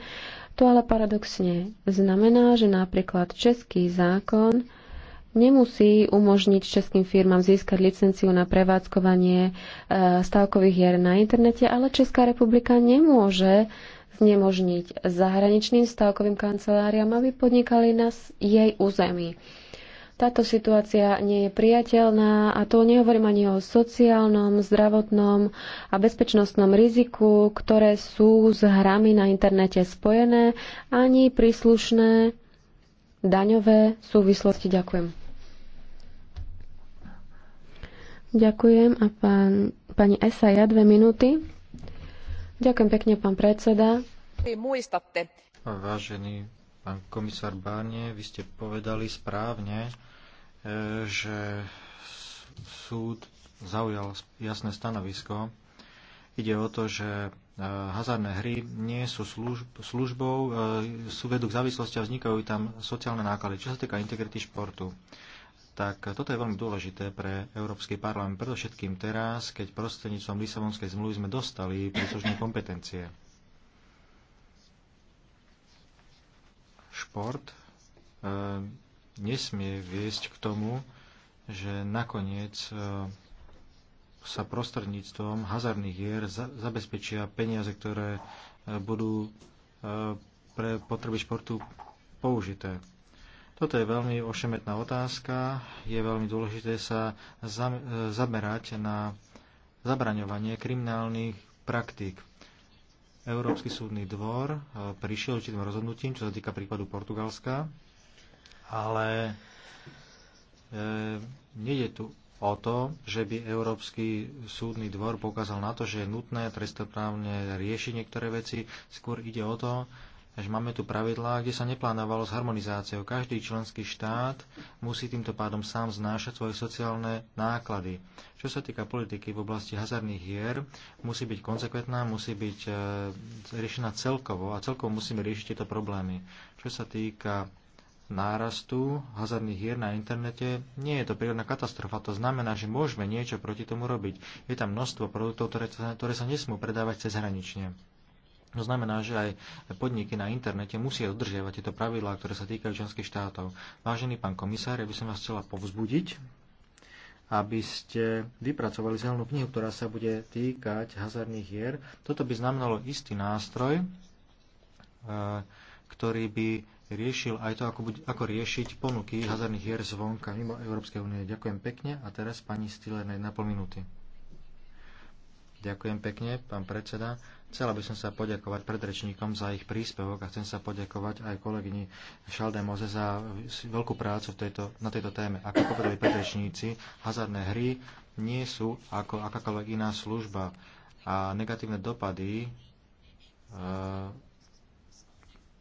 To ale paradoxne znamená, že napríklad český zákon nemusí umožniť českým firmám získať licenciu na prevádzkovanie e, stávkových hier na internete, ale Česká republika nemôže znemožniť zahraničným stavkovým kanceláriám, aby podnikali na jej území. Táto situácia nie je priateľná a to nehovorím ani o sociálnom, zdravotnom a bezpečnostnom riziku, ktoré sú s hrami na internete spojené, ani príslušné daňové súvislosti. Ďakujem. Ďakujem a pán, pani Ja dve minúty. Ďakujem pekne, pán predseda.
Vážený pán komisár Báne, vy ste povedali správne, e, že súd zaujal jasné stanovisko. Ide o to, že e, hazardné hry nie sú služb, službou, e, sú vedú k závislosti a vznikajú tam sociálne náklady, čo sa týka integrity športu tak toto je veľmi dôležité pre Európsky parlament, predovšetkým teraz, keď prostredníctvom Lisabonskej zmluvy sme dostali príslušné kompetencie. Šport e, nesmie viesť k tomu, že nakoniec e, sa prostredníctvom hazardných hier za, zabezpečia peniaze, ktoré e, budú e, pre potreby športu použité. Toto je veľmi ošemetná otázka. Je veľmi dôležité sa zamerať na zabraňovanie kriminálnych praktík. Európsky súdny dvor e, prišiel určitým rozhodnutím, čo sa týka prípadu Portugalska, ale e, nejde tu o to, že by Európsky súdny dvor pokázal na to, že je nutné trestnoprávne riešiť niektoré veci. Skôr ide o to, Takže máme tu pravidlá, kde sa neplánovalo s harmonizáciou. Každý členský štát musí týmto pádom sám znášať svoje sociálne náklady. Čo sa týka politiky v oblasti hazardných hier, musí byť konsekventná, musí byť e, riešená celkovo a celkovo musíme riešiť tieto problémy. Čo sa týka nárastu hazardných hier na internete, nie je to prírodná katastrofa. To znamená, že môžeme niečo proti tomu robiť. Je tam množstvo produktov, ktoré, ktoré sa nesmú predávať cez hranične. To znamená, že aj podniky na internete musia dodržiavať tieto pravidlá, ktoré sa týkajú členských štátov. Vážený pán komisár, ja by som vás chcela povzbudiť, aby ste vypracovali zelenú knihu, ktorá sa bude týkať hazardných hier. Toto by znamenalo istý nástroj, eh, ktorý by riešil aj to, ako, buď, ako riešiť ponuky hazardných hier zvonka mimo Európskej únie. Ďakujem pekne a teraz pani Stiller na 1,5 minúty. Ďakujem pekne, pán predseda. Chcela by som sa poďakovať predrečníkom za ich príspevok a chcem sa poďakovať aj kolegyni Šalde Moze za veľkú prácu v tejto, na tejto téme. Ako povedali predrečníci, hazardné hry nie sú ako akákoľvek iná služba a negatívne dopady e,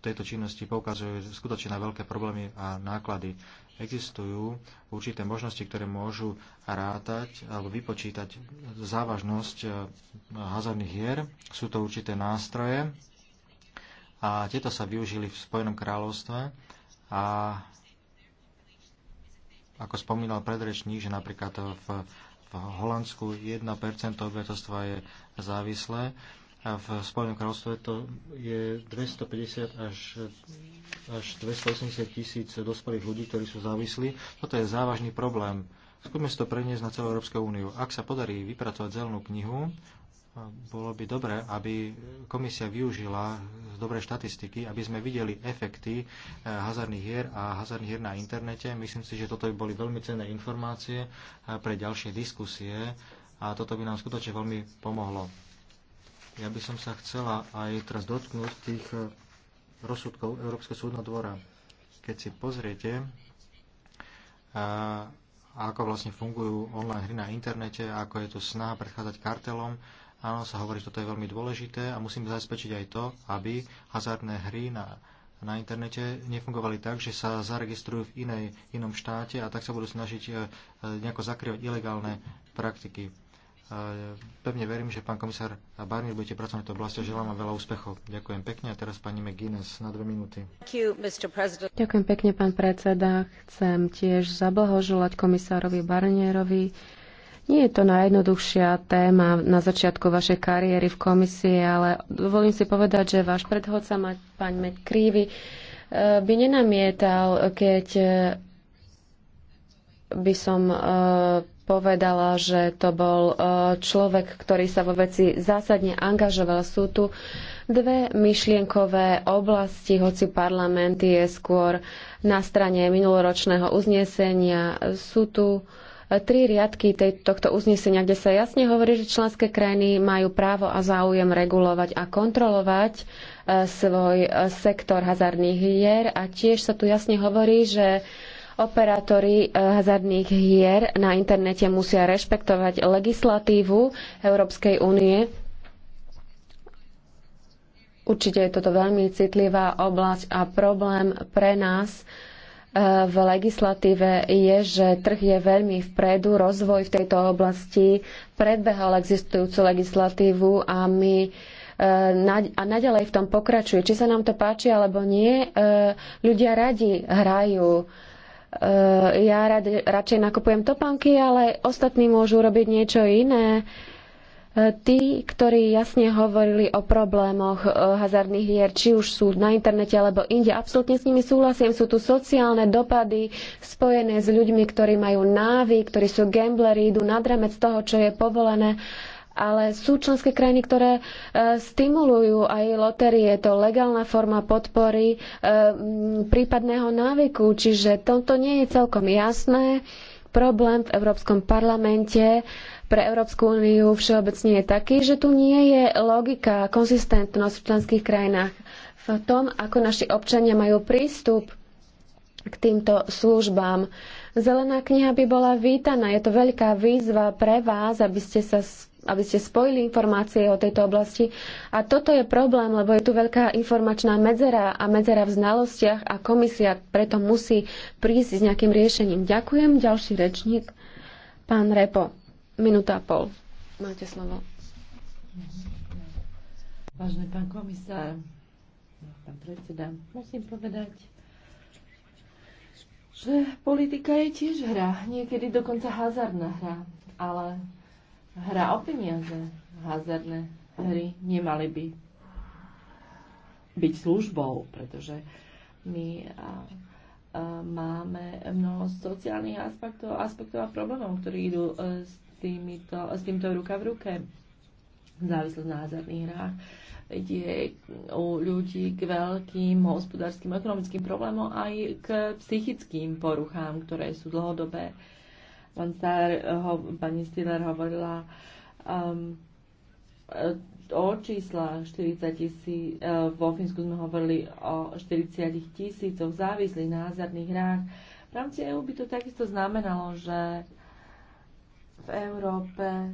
tejto činnosti poukazujú skutočne na veľké problémy a náklady existujú určité možnosti, ktoré môžu rátať alebo vypočítať závažnosť eh, hazardných hier. Sú to určité nástroje a tieto sa využili v Spojenom kráľovstve a ako spomínal predrečník, že napríklad v, v Holandsku 1% obyvateľstva je závislé a v Spojenom kráľovstve to je 250 až, až 280 tisíc dospelých ľudí, ktorí sú závislí. Toto je závažný problém. Skúsme si to preniesť na celú Európsku úniu. Ak sa podarí vypracovať zelenú knihu, bolo by dobré, aby komisia využila dobré štatistiky, aby sme videli efekty eh, hazardných hier a hazardných hier na internete. Myslím si, že toto by boli veľmi cenné informácie eh, pre ďalšie diskusie a toto by nám skutočne veľmi pomohlo. Ja by som sa chcela aj teraz dotknúť tých eh, rozsudkov Európskeho súdneho dvora. Keď si pozriete, a eh, ako vlastne fungujú online hry na internete, ako je tu snaha predchádzať kartelom, áno, sa hovorí, že toto je veľmi dôležité a musíme zabezpečiť aj to, aby hazardné hry na na internete nefungovali tak, že sa zaregistrujú v inej, inom štáte a tak sa budú snažiť eh, nejako zakrývať ilegálne praktiky. Pevne verím, že pán komisár Barnier budete pracovať na to oblasti a želám vám veľa úspechov. Ďakujem pekne a teraz pani McGuinness na dve minúty.
Ďakujem pekne, pán predseda. Chcem tiež zablahoželať komisárovi Barnierovi. Nie je to najjednoduchšia téma na začiatku vašej kariéry v komisii, ale dovolím si povedať, že váš predhodca pán Met eh, by nenamietal, keď eh, by som e, povedala, že to bol e, človek, ktorý sa vo veci zásadne angažoval. Sú tu dve myšlienkové oblasti, hoci parlament je skôr na strane minuloročného uznesenia. Sú tu e, tri riadky tohto uznesenia, kde sa jasne hovorí, že členské krajiny majú právo a záujem regulovať a kontrolovať svoj sektor hazardných hier a tiež sa tu jasne hovorí, že Operátori eh, hazardných hier na internete musia rešpektovať legislatívu Európskej únie. Určite je toto veľmi citlivá oblasť a problém pre nás eh, v legislatíve je, že trh je veľmi vpredu, rozvoj v tejto oblasti predbehal existujúcu legislatívu a my eh, a naďalej v tom pokračuje. Či sa nám to páči alebo nie, ľudia radi hrajú Eh, ja rad, radšej nakupujem topánky, ale ostatní môžu robiť niečo iné. Eh, tí, ktorí jasne hovorili o problémoch eh, hazardných hier, či už sú na internete alebo inde, absolútne s nimi súhlasím. Sú tu sociálne dopady spojené s ľuďmi, ktorí majú návy, ktorí sú gamblery, idú nad ramec toho, čo je povolené. Uh, ale sú členské krajiny, ktoré e, stimulujú aj lotérie. Je to legálna forma podpory e, prípadného návyku, čiže toto nie je celkom jasné. Problém v Európskom parlamente pre Európsku úniu všeobecne je taký, že tu nie je logika, konzistentnosť v členských krajinách v tom, ako naši občania majú prístup k týmto službám. Zelená kniha by bola vítaná. Je to veľká výzva pre vás, aby ste sa aby ste spojili informácie o tejto oblasti. A toto je problém, lebo je tu veľká informačná medzera a medzera v znalostiach a komisia preto musí prísť s nejakým riešením. Ďakujem. Ďalší rečník, pán Repo. Minúta a pol.
Máte slovo. Vážený pán komisár, pán predseda, musím povedať, že politika je tiež hra, niekedy dokonca hazardná hra, ale hra o peniaze, hazardné hry nemali by byť službou, pretože my a, a máme mnoho sociálnych aspektov, aspektov a problémov, ktorí idú e, s, týmito, s týmto ruka v ruke. Závislosť na hazardných hrách je u ľudí k veľkým hospodárskym, ekonomickým problémom aj k psychickým poruchám, ktoré sú dlhodobé Pán Stár, ho, pani Stiller hovorila um, o čísla 40 tisíc, uh, e, vo Fínsku sme hovorili o 40 tisícoch závislých na hazardných hrách. V rámci EU by to takisto znamenalo, že v Európe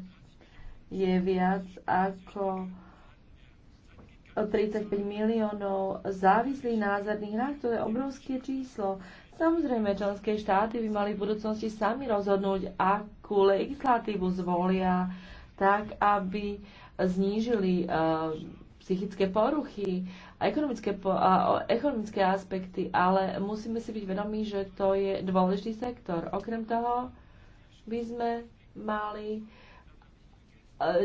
je viac ako 35 miliónov závislých na hrách, to je obrovské číslo. Samozrejme, členské štáty by mali v budúcnosti sami rozhodnúť, akú legislatívu zvolia, tak aby znížili uh, psychické poruchy a ekonomické, po, a, ekonomické aspekty, ale musíme si byť vedomí, že to je dôležitý sektor. Okrem toho by sme mali uh,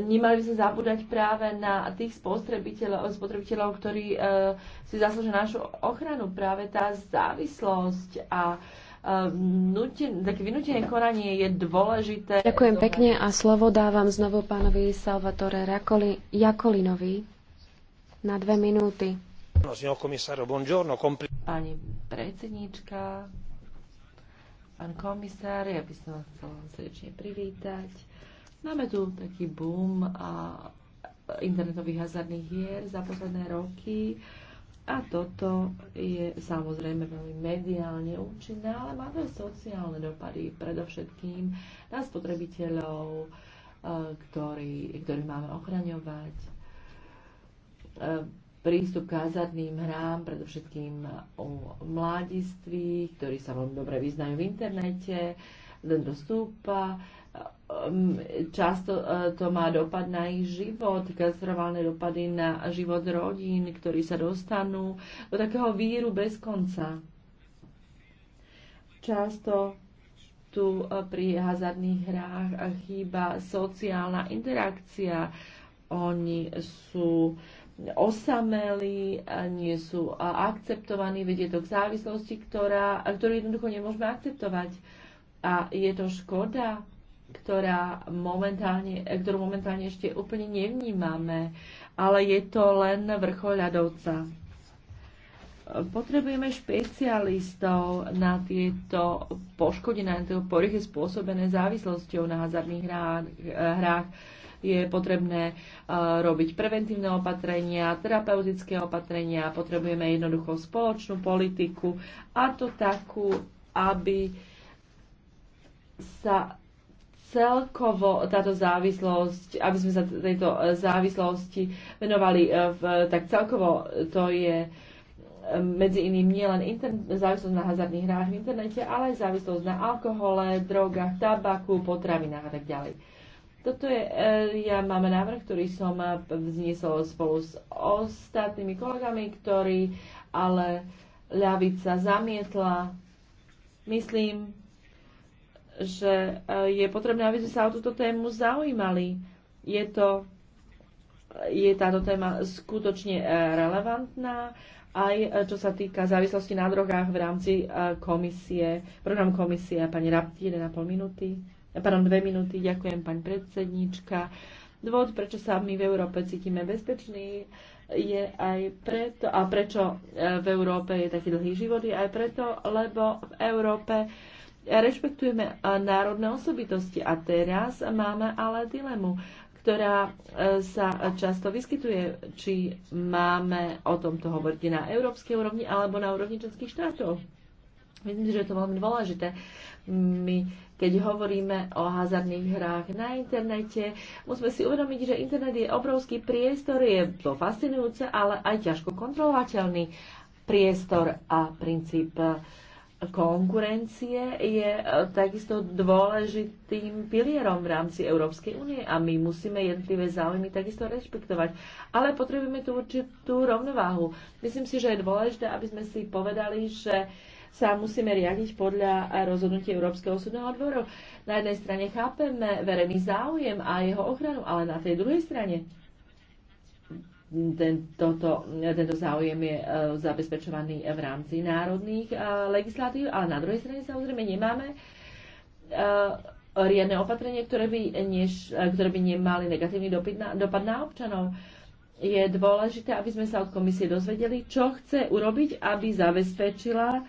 nemali by sme zabúdať práve na tých spotrebiteľov, spotrebiteľov ktorí e, si zaslúžia našu ochranu. Práve tá závislosť a e, Nutie, také vynútené konanie je dôležité. Ďakujem
pekne a slovo dávam znovu pánovi Salvatore Rakoli, Jakolinovi na dve minúty.
Pani
predsedníčka, pán komisár, ja by som vás chcel srdečne privítať. Máme tu taký boom a internetových hazardných hier za posledné roky a toto je samozrejme veľmi mediálne účinné, ale má to aj sociálne dopady, predovšetkým na spotrebiteľov, e, ktorý, ktorý máme ochraňovať. E, prístup k hazardným hrám, predovšetkým o mladiství, ktorí sa veľmi dobre vyznajú v internete, ten dostúpa, Ehm, často e, to má dopad na ich život, katastrofálne dopady na život rodín, ktorí sa dostanú do takého víru bez konca. Často tu e, pri hazardných hrách e, chýba sociálna interakcia. Oni sú osamelí, nie sú akceptovaní, vedie to k závislosti, ktorá, ktorú jednoducho nemôžeme akceptovať. A je to škoda, ktorá momentálne, ktorú momentálne ešte úplne nevnímame, ale je to len vrchol ľadovca. Potrebujeme špecialistov na tieto poškodené, na tieto poruchy spôsobené závislosťou na hazardných hrách. Je potrebné e, robiť preventívne opatrenia, terapeutické opatrenia, potrebujeme jednoducho spoločnú politiku a to takú, aby sa celkovo táto závislosť, aby sme sa tejto e, závislosti venovali e, v, tak celkovo to je e, medzi iným nielen závislosť na hazardných hrách v internete, ale aj závislosť na alkohole, drogách, tabaku, potravinách a tak ďalej. Toto je, ja mám návrh, ktorý som vzniesol spolu s ostatnými kolegami, ktorí ale ľavica zamietla. Myslím, že eh, je potrebné, aby sme sa o túto tému zaujímali. Je, to, je táto téma skutočne eh, relevantná, aj eh, čo sa týka závislosti na drogách v rámci komisie, program komisie. Pani Rapti, 1,5 minúty, pardon, 2 minúty, ďakujem pani predsednička. Dôvod, prečo sa my v Európe cítime bezpeční, je aj preto, a prečo v Európe je taký dlhý život, je aj preto, lebo v Európe uh, rešpektujeme eh, národné osobitosti. A teraz máme ale dilemu, ktorá eh, sa často vyskytuje, či máme o tomto hovoriť na európskej úrovni alebo na úrovni členských štátov. Myslím si, že je to veľmi dôležité. My, keď hovoríme o hazardných hrách na internete, musíme si uvedomiť, že internet je obrovský priestor, je to fascinujúce, ale aj ťažko kontrolovateľný priestor a princíp uh, konkurencie je e, takisto dôležitým pilierom v rámci Európskej únie a my musíme jednotlivé záujmy takisto rešpektovať. Ale potrebujeme tu určitú rovnováhu. Myslím si, že je dôležité, aby sme si povedali, že sa musíme riadiť podľa rozhodnutí Európskeho súdneho dvoru. Na jednej strane chápeme verejný záujem a jeho ochranu, ale na tej druhej strane ten, toto, tento záujem je e, zabezpečovaný v rámci národných e, legislatív, ale na druhej strane samozrejme nemáme e, riadne opatrenie, ktoré by, než, ktoré by nemali negatívny dopad na, dopad na občanov. Je dôležité, aby sme sa od komisie dozvedeli, čo chce urobiť, aby zabezpečila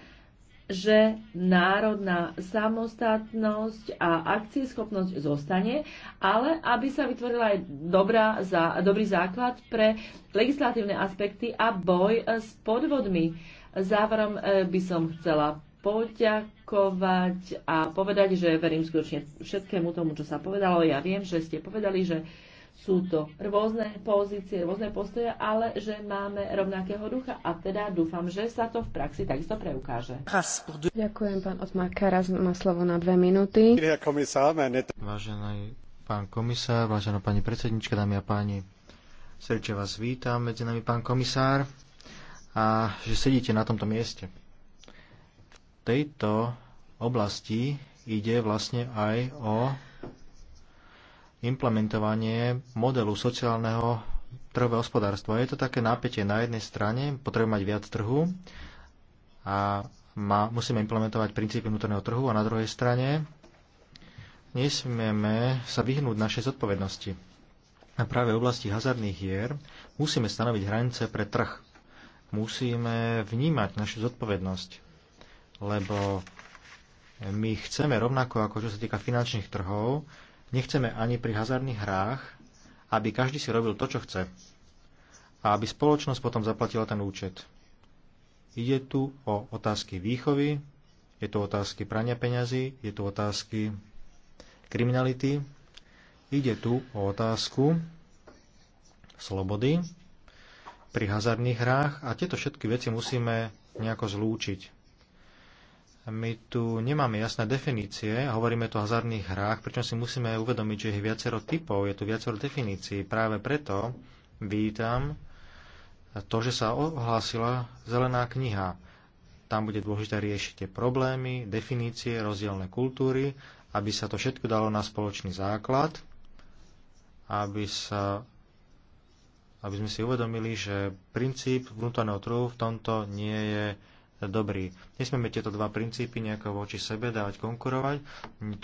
že národná samostatnosť a akcieschopnosť zostane, ale aby sa vytvorila aj dobrá, za, dobrý základ pre legislatívne aspekty a boj e, s podvodmi. Záverom e, by som chcela poďakovať a povedať, že verím skutočne všetkému tomu, čo sa povedalo. Ja viem, že ste povedali, že sú to rôzne pozície, rôzne postoje, ale že máme rovnakého ducha a teda dúfam, že sa to v praxi takisto preukáže.
Ďakujem, pán Otmar Karas má slovo na dve minúty.
Vážený pán komisár, vážená pani predsednička, dámy a páni, srdče vás vítam medzi nami, pán komisár, a že sedíte na tomto mieste. V tejto oblasti ide vlastne aj o implementovanie modelu sociálneho trhového hospodárstva. Je to také nápetie na jednej strane, potrebujeme mať viac trhu a má, musíme implementovať princípy vnútorného trhu a na druhej strane nesmieme sa vyhnúť našej zodpovednosti. A práve v oblasti hazardných hier musíme stanoviť hranice pre trh. Musíme vnímať našu zodpovednosť, lebo my chceme rovnako ako čo sa týka finančných trhov, Nechceme ani pri hazardných hrách, aby každý si robil to, čo chce a aby spoločnosť potom zaplatila ten účet. Ide tu o otázky výchovy, je tu otázky prania peňazí, je tu otázky kriminality, ide tu o otázku slobody pri hazardných hrách a tieto všetky veci musíme nejako zlúčiť my tu nemáme jasné definície, hovoríme tu o hazardných hrách, pričom si musíme uvedomiť, že je viacero typov, je tu viacero definícií. Práve preto vítam to, že sa ohlásila zelená kniha. Tam bude dôležité riešiť tie problémy, definície, rozdielne kultúry, aby sa to všetko dalo na spoločný základ, aby, sa, aby sme si uvedomili, že princíp vnútorného trhu v tomto nie je dobrý. Nesmieme tieto dva princípy nejako voči sebe dávať konkurovať,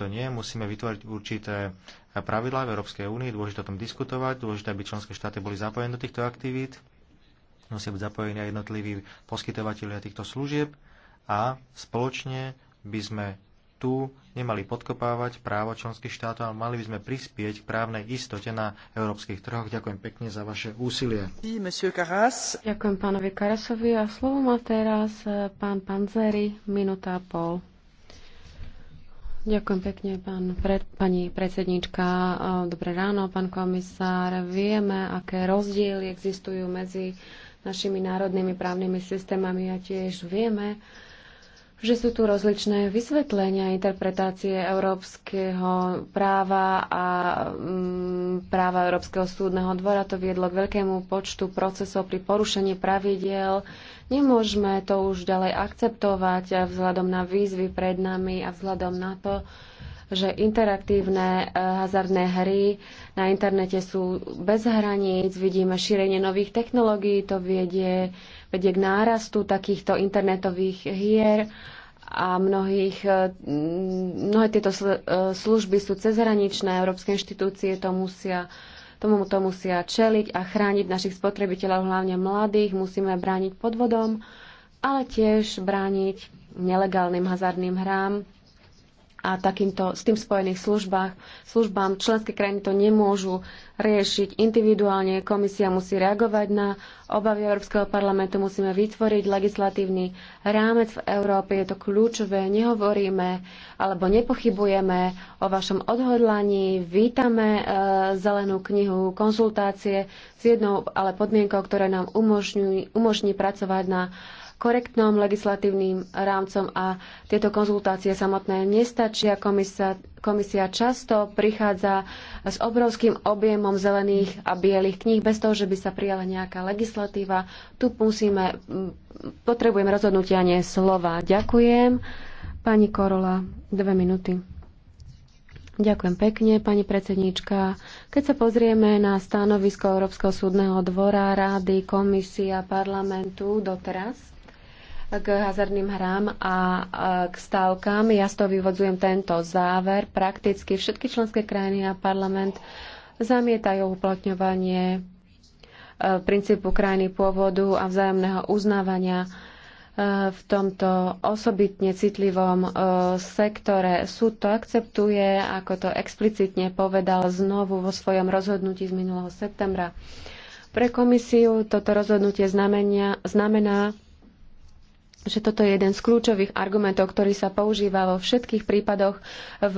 to nie, musíme vytvoriť určité pravidlá v Európskej únii, dôležité o tom diskutovať, dôležité, aby členské štáty boli zapojené do týchto aktivít, musia byť zapojení aj jednotliví poskytovateľia týchto služieb a spoločne by sme tu nemali podkopávať právo členských štátov, ale mali by sme prispieť k právnej istote na európskych trhoch. Ďakujem pekne za vaše úsilie.
Ďakujem pánovi Karasovi a slovo má teraz eh, pán Panzeri, minúta a pol. Ďakujem pekne, pán pred, pani predsednička. Eh, dobré ráno, pán komisár. Vieme, aké rozdiely existujú medzi našimi národnými právnymi systémami a tiež vieme, že sú tu rozličné vysvetlenia, interpretácie európskeho práva a mm, práva Európskeho súdneho dvora. To viedlo k veľkému počtu procesov pri porušení pravidiel. Nemôžeme to už ďalej akceptovať vzhľadom na výzvy pred nami a vzhľadom na to, že interaktívne eh, hazardné hry na internete sú bez hraníc, vidíme šírenie nových technológií, to viedie vedie k nárastu takýchto internetových hier a mnohých, mnohé tieto e, služby sú cezhraničné, európske inštitúcie to musia tomu to musia čeliť a chrániť našich spotrebiteľov, hlavne mladých. Musíme brániť podvodom, ale tiež brániť nelegálnym hazardným hrám, a takýmto s tým spojených službách, službám členské krajiny to nemôžu riešiť individuálne. Komisia musí reagovať na obavy Európskeho parlamentu. Musíme vytvoriť legislatívny rámec v Európe. Je to kľúčové. Nehovoríme alebo nepochybujeme o vašom odhodlaní. Vítame e, zelenú knihu, konzultácie s jednou ale podmienkou, ktoré nám umožňuj, umožní pracovať na korektnom legislatívnym rámcom a tieto konzultácie samotné nestačia. Komisia, komisia často prichádza s obrovským objemom zelených a bielých kníh bez toho, že by sa prijala nejaká legislatíva. Tu musíme, mm, potrebujeme rozhodnutia, nie slova. Ďakujem. Pani Korola, dve minúty. Ďakujem pekne, pani predsedníčka. Keď sa pozrieme na stanovisko Európskeho súdneho dvora, rády, komisia, parlamentu doteraz, k hazardným hrám a k stávkam. Ja z toho vyvodzujem tento záver. Prakticky všetky členské krajiny a parlament zamietajú uplatňovanie e, princípu krajiny pôvodu a vzájomného uznávania e, v tomto osobitne citlivom e, sektore. Súd to akceptuje, ako to explicitne povedal znovu vo svojom rozhodnutí z minulého septembra. Pre komisiu toto rozhodnutie znamenia, znamená že toto je jeden z kľúčových argumentov, ktorý sa používa vo všetkých prípadoch v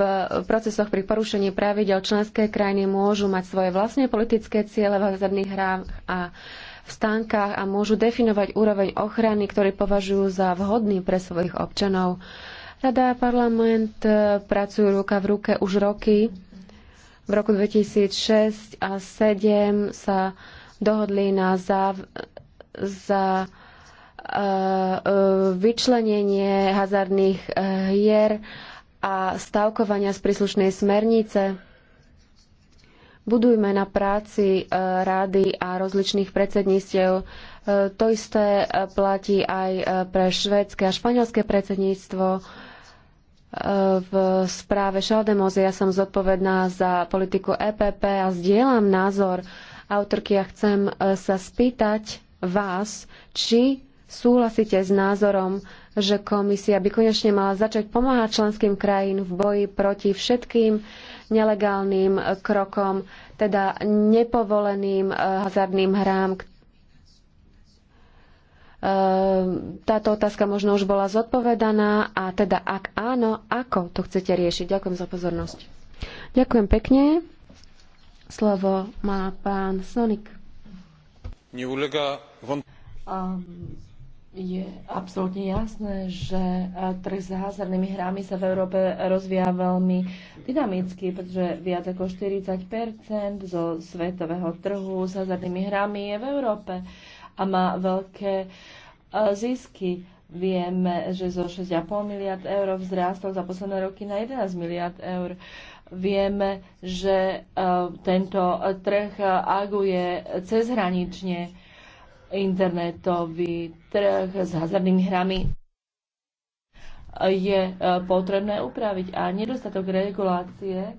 procesoch pri porušení pravidel. Členské krajiny môžu mať svoje vlastné politické ciele v hazardných hrách a v stánkach a môžu definovať úroveň ochrany, ktorý považujú za vhodný pre svojich občanov. Rada a parlament e, pracujú ruka v ruke už roky. V roku 2006 a 2007 sa dohodli na za, za E, e, vyčlenenie hazardných e, hier a stavkovania z príslušnej smernice. Budujme na práci rády a rozličných predsedníctiev. To isté platí aj pre švédske a španielské predsedníctvo. V správe Šaldemoze ja som zodpovedná za politiku EPP a zdieľam názor autorky a chcem sa spýtať vás, či súhlasíte s názorom, že komisia by konečne mala začať pomáhať členským krajín v boji proti všetkým nelegálnym krokom, teda nepovoleným eh, hazardným hrám. Eh, táto otázka možno už bola zodpovedaná a teda ak áno, ako to chcete riešiť? Ďakujem za pozornosť. Ďakujem pekne. Slovo
má pán Sonik.
Neulega von...
Um ehm, je absolútne jasné, že eh, trh s házarnými hrami sa v Európe rozvíja veľmi dynamicky, pretože viac ako 40 zo svetového trhu s házarnými hrami je v Európe a má veľké eh, zisky. Vieme, že zo 6,5 miliard eur vzrástol za posledné roky na 11 miliard eur vieme, že eh, tento trh aguje cezhranične internetový trh s hazardnými hrami je e, potrebné upraviť. A nedostatok regulácie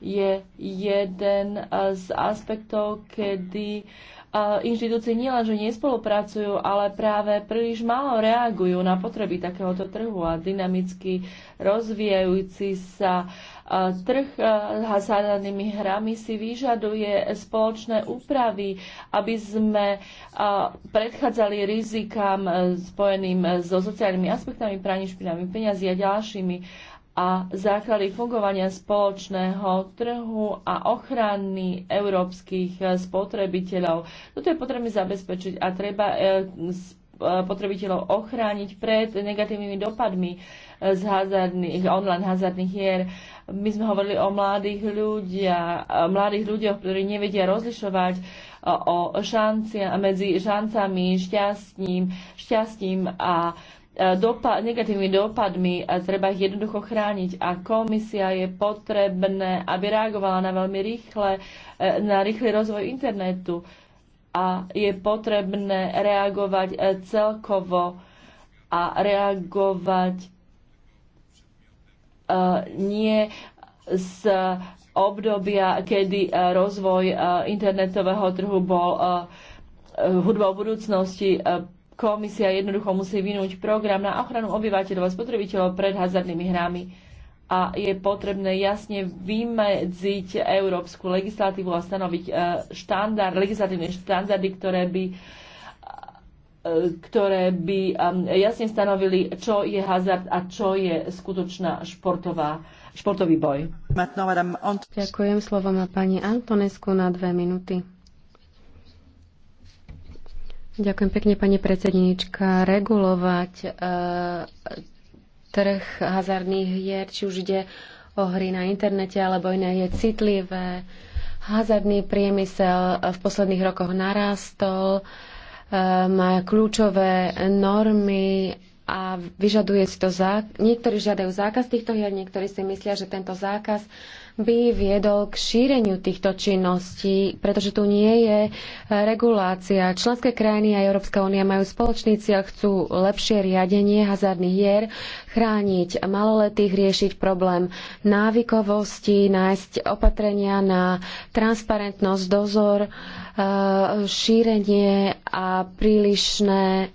je jeden e, z aspektov, kedy e, inštitúcie nielenže nespolupracujú, ale práve príliš málo reagujú na potreby takéhoto trhu a dynamicky rozvíjajúci sa E, trh e, s hazardnými hrami si vyžaduje spoločné úpravy, aby sme e, predchádzali rizikám spojeným so sociálnymi aspektami, praní špinami peňazí a ďalšími a základy fungovania spoločného trhu a ochrany európskych spotrebiteľov. Toto je potrebné zabezpečiť a treba spotrebiteľov ochrániť pred negatívnymi dopadmi eh, z hazardných, online hazardných hier. My sme hovorili o mladých, ľuďoch, mladých ľuďoch, ktorí nevedia rozlišovať eh, o šanci, medzi šancami, šťastím, šťastím a eh, dopad, negatívnymi dopadmi a treba ich jednoducho chrániť a komisia je potrebné, aby reagovala na veľmi rýchle, na rýchly rozvoj internetu a je potrebné reagovať e, celkovo a reagovať e, nie z obdobia, kedy e, rozvoj internetového trhu bol hudbou budúcnosti. Komisia jednoducho musí vynúť program na ochranu obyvateľov a spotrebiteľov pred hazardnými hrami a je potrebné jasne vymedziť európsku legislatívu a stanoviť e, štandard, legislatívne štandardy, ktoré by e, ktoré by e, jasne stanovili, čo je hazard a čo je skutočná športová, športový boj. Ďakujem,
slovo má pani Antonesku na dve minúty. Ďakujem pekne, pani predsedníčka. Regulovať trh hazardných hier, či už ide o hry na internete alebo iné, je citlivé. Hazardný priemysel v posledných rokoch narastol, e, má kľúčové normy a vyžaduje si to zákaz. Niektorí žiadajú zákaz týchto hier, niektorí si myslia, že tento zákaz by viedol k šíreniu týchto činností, pretože tu nie je e, regulácia. Členské krajiny a Európska únia majú spoločný cieľ, chcú lepšie riadenie hazardných hier, chrániť maloletých, riešiť problém návykovosti, nájsť opatrenia na transparentnosť, dozor, e, šírenie a prílišné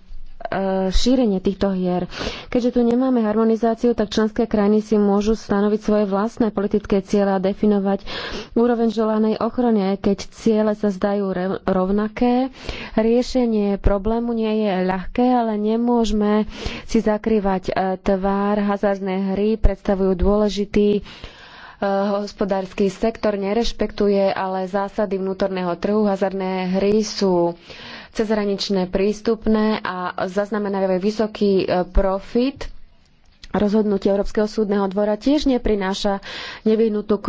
E, šírenie týchto hier. Keďže tu nemáme harmonizáciu, tak členské krajiny si môžu stanoviť svoje vlastné politické ciele a definovať úroveň želanej ochrany. keď ciele sa zdajú rovnaké, riešenie problému nie je ľahké, ale nemôžeme si zakrývať e, tvár. Hazardné hry predstavujú dôležitý e, hospodársky sektor nerešpektuje ale zásady vnútorného trhu. Hazardné hry sú cezhraničné prístupné a zaznamenávajú vysoký e, profit. Rozhodnutie Európskeho súdneho dvora tiež neprináša nevyhnutú e,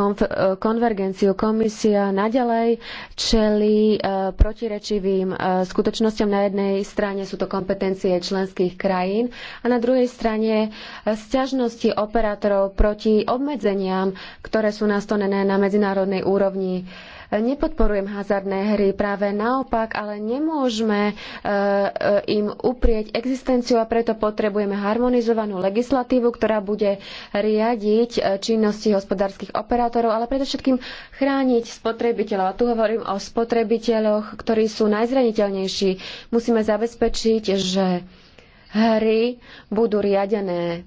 konvergenciu. Komisia naďalej čeli e, protirečivým e, skutočnosťam. Na jednej strane sú to kompetencie členských krajín a na druhej strane e, sťažnosti operátorov proti obmedzeniam, ktoré sú nastonené na medzinárodnej úrovni. E, Nepodporujem hazardné hry, práve naopak, ale nemôžeme e, e, im uprieť existenciu a preto potrebujeme harmonizovanú legislatívu, ktorá bude riadiť e, činnosti hospodárskych operátorov, ale predovšetkým chrániť spotrebiteľov. A tu hovorím o spotrebiteľoch, ktorí sú najzraniteľnejší. Musíme zabezpečiť, že hry budú riadené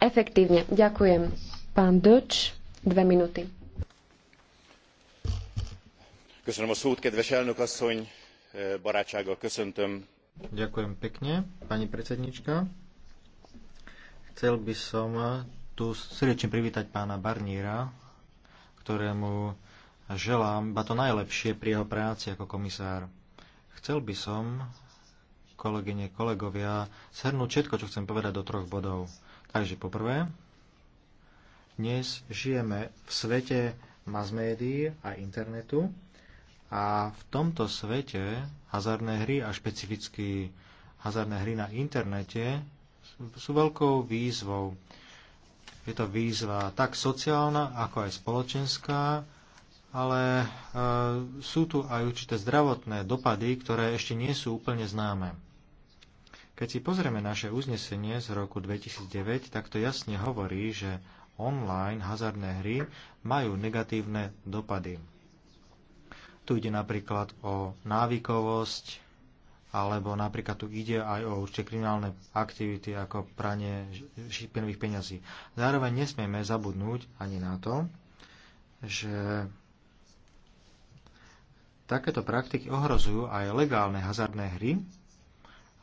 efektívne. Ďakujem. Pán Doč, dve minúty
barátsággal köszöntöm.
Ďakujem pekne, pani predsedníčka. Chcel by som tu srdečne privítať pána Barniera, ktorému želám iba to najlepšie pri jeho práci ako komisár. Chcel by som, kolegyne, kolegovia, shrnúť všetko, čo chcem povedať do troch bodov. Takže poprvé, dnes žijeme v svete mass médií a internetu a v tomto svete hazardné hry a špecificky hazardné hry na internete sú veľkou výzvou. Je to výzva tak sociálna, ako aj spoločenská, ale e, sú tu aj určité zdravotné dopady, ktoré ešte nie sú úplne známe. Keď si pozrieme naše uznesenie z roku 2009, tak to jasne hovorí, že online hazardné hry majú negatívne dopady. Tu ide napríklad o návykovosť, alebo napríklad tu ide aj o určite kriminálne aktivity ako pranie šípenových peňazí. Zároveň nesmieme zabudnúť ani na to, že takéto praktiky ohrozujú aj legálne hazardné hry,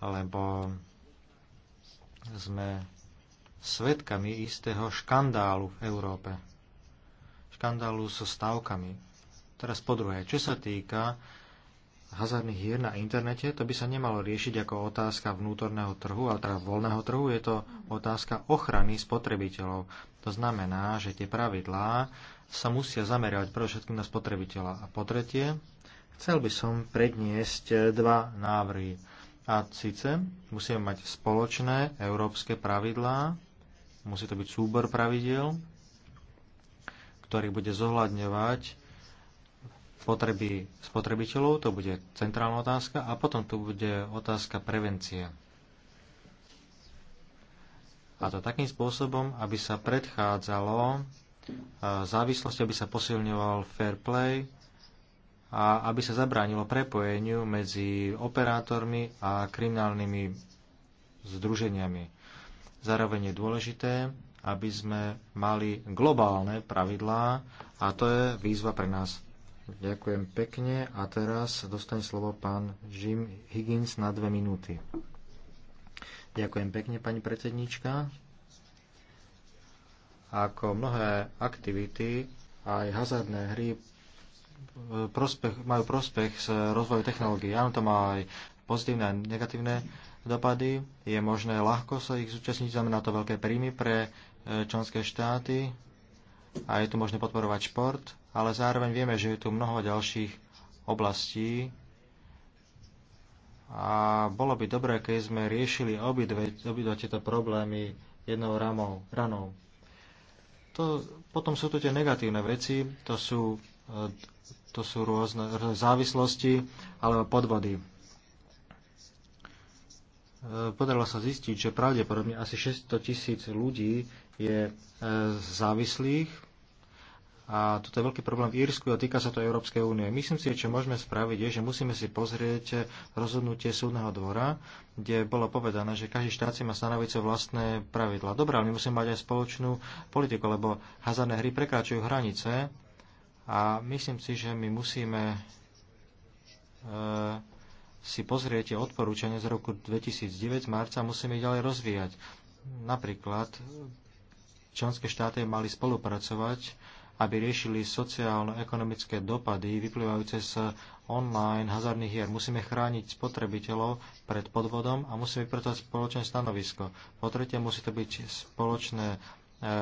lebo sme svetkami istého škandálu v Európe. Škandálu so stavkami Teraz po druhé, čo sa týka hazardných hier na internete, to by sa nemalo riešiť ako otázka vnútorného trhu, ale teda voľného trhu, je to otázka ochrany spotrebiteľov. To znamená, že tie pravidlá sa musia zamerať predovšetkým na spotrebiteľa. A po tretie, chcel by som predniesť dva návrhy. A síce musíme mať spoločné európske pravidlá, musí to byť súbor pravidel, ktorý bude zohľadňovať potreby spotrebiteľov, to bude centrálna otázka, a potom tu bude otázka prevencie. A to takým spôsobom, aby sa predchádzalo závislosti, aby sa posilňoval fair play a aby sa zabránilo prepojeniu medzi operátormi a kriminálnymi združeniami. Zároveň je dôležité, aby sme mali globálne pravidlá a to je výzva pre nás Ďakujem pekne a teraz dostane slovo pán Jim Higgins na dve minúty. Ďakujem pekne, pani predsednička. Ako mnohé aktivity, aj hazardné hry e, prospech, majú prospech s rozvoju technológií. Áno, to má aj pozitívne a negatívne dopady. Je možné ľahko sa ich zúčastniť, znamená to veľké príjmy pre e, členské štáty a je tu možné podporovať šport ale zároveň vieme, že je tu mnoho ďalších oblastí a bolo by dobré, keď sme riešili obidve, obidve tieto problémy jednou ramou, ranou. To, potom sú tu tie negatívne veci, to sú, e, to sú rôzne, rôzne závislosti alebo podvody. E, podarilo sa zistiť, že pravdepodobne asi 600 tisíc ľudí je e, závislých a toto je veľký problém v Írsku a týka sa to Európskej únie. Myslím si, čo môžeme spraviť, je, že musíme si pozrieť rozhodnutie súdneho dvora, kde bolo povedané, že každý štát si má stanoviť svoje vlastné pravidla. Dobre, ale my musíme mať aj spoločnú politiku, lebo hazardné hry prekračujú hranice a myslím si, že my musíme e, si pozrieť odporúčania z roku 2009 z marca, musíme ich ďalej rozvíjať. Napríklad členské štáty mali spolupracovať aby riešili sociálno-ekonomické dopady vyplývajúce z online hazardných hier. Musíme chrániť spotrebiteľov pred podvodom a musíme vypracovať spoločné stanovisko. Po tretie, musí to byť spoločné e,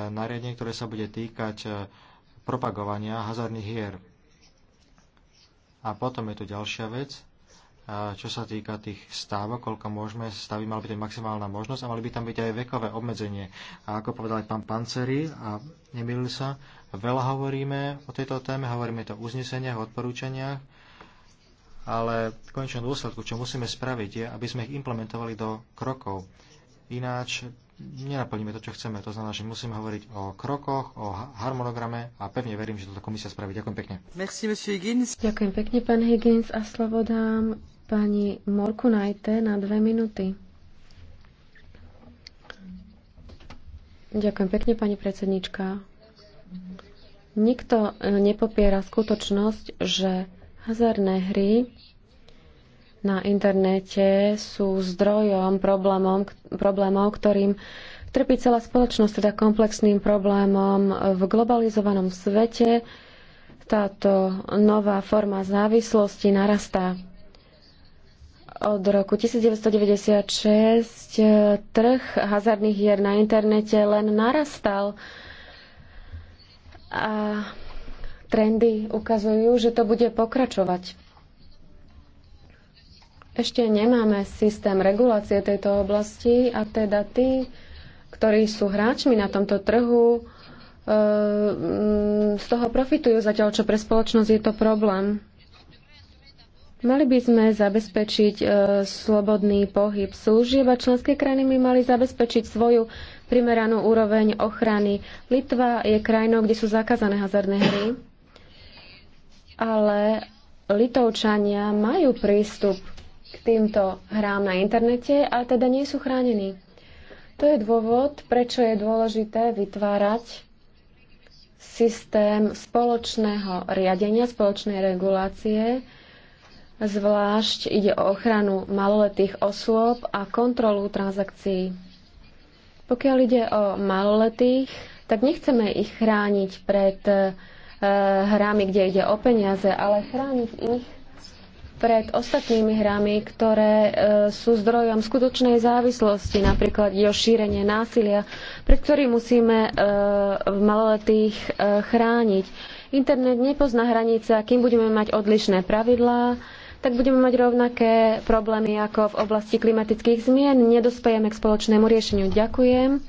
nariadenie, ktoré sa bude týkať e, propagovania hazardných hier. A potom je tu ďalšia vec, e, čo sa týka tých stávok, koľko môžeme stavy mala byť maximálna možnosť a mali by tam byť aj vekové obmedzenie. A ako povedal aj pán Panceri a nemýlil sa, Veľa hovoríme o tejto téme, hovoríme to o uzneseniach, o odporúčaniach, ale v konečnom dôsledku, čo musíme spraviť, je, aby sme ich implementovali do krokov. Ináč nenaplníme to, čo chceme. To znamená, že musíme hovoriť o krokoch, o harmonograme a pevne verím, že toto komisia spraví. Ďakujem pekne.
Merci, Higgins. Ďakujem pekne, pán Higgins. A slovo dám pani Morku najte na dve minúty. Ďakujem pekne, pani predsednička. Nikto e, nepopiera skutočnosť, že hazardné hry na internete sú zdrojom problémom, problémov, ktorým trpí celá spoločnosť, teda komplexným problémom v globalizovanom svete. Táto nová forma závislosti narastá. Od roku 1996 e, trh hazardných hier na internete len narastal a trendy ukazujú, že to bude pokračovať. Ešte nemáme systém regulácie tejto oblasti a teda tí, ktorí sú hráčmi na tomto trhu, e, z toho profitujú, zatiaľ čo pre spoločnosť je to problém. Mali by sme zabezpečiť e, slobodný pohyb služieb a členské krajiny by mali zabezpečiť svoju primeranú úroveň ochrany. Litva je krajinou, kde sú zakázané hazardné hry, ale Litovčania majú prístup k týmto hrám na internete a teda nie sú chránení. To je dôvod, prečo je dôležité vytvárať systém spoločného riadenia, spoločnej regulácie, Zvlášť ide o ochranu maloletých osôb a kontrolu transakcií. Pokiaľ ide o maloletých, tak nechceme ich chrániť pred e, hrami, kde ide o peniaze, ale chrániť ich pred ostatnými hrami, ktoré e, sú zdrojom skutočnej závislosti, napríklad ide o šírenie násilia, pred ktorým musíme e, maloletých e, chrániť. Internet nepozná hranice kým budeme mať odlišné pravidlá, tak budeme mať rovnaké problémy ako v oblasti klimatických zmien. Nedospejeme k spoločnému riešeniu. Ďakujem.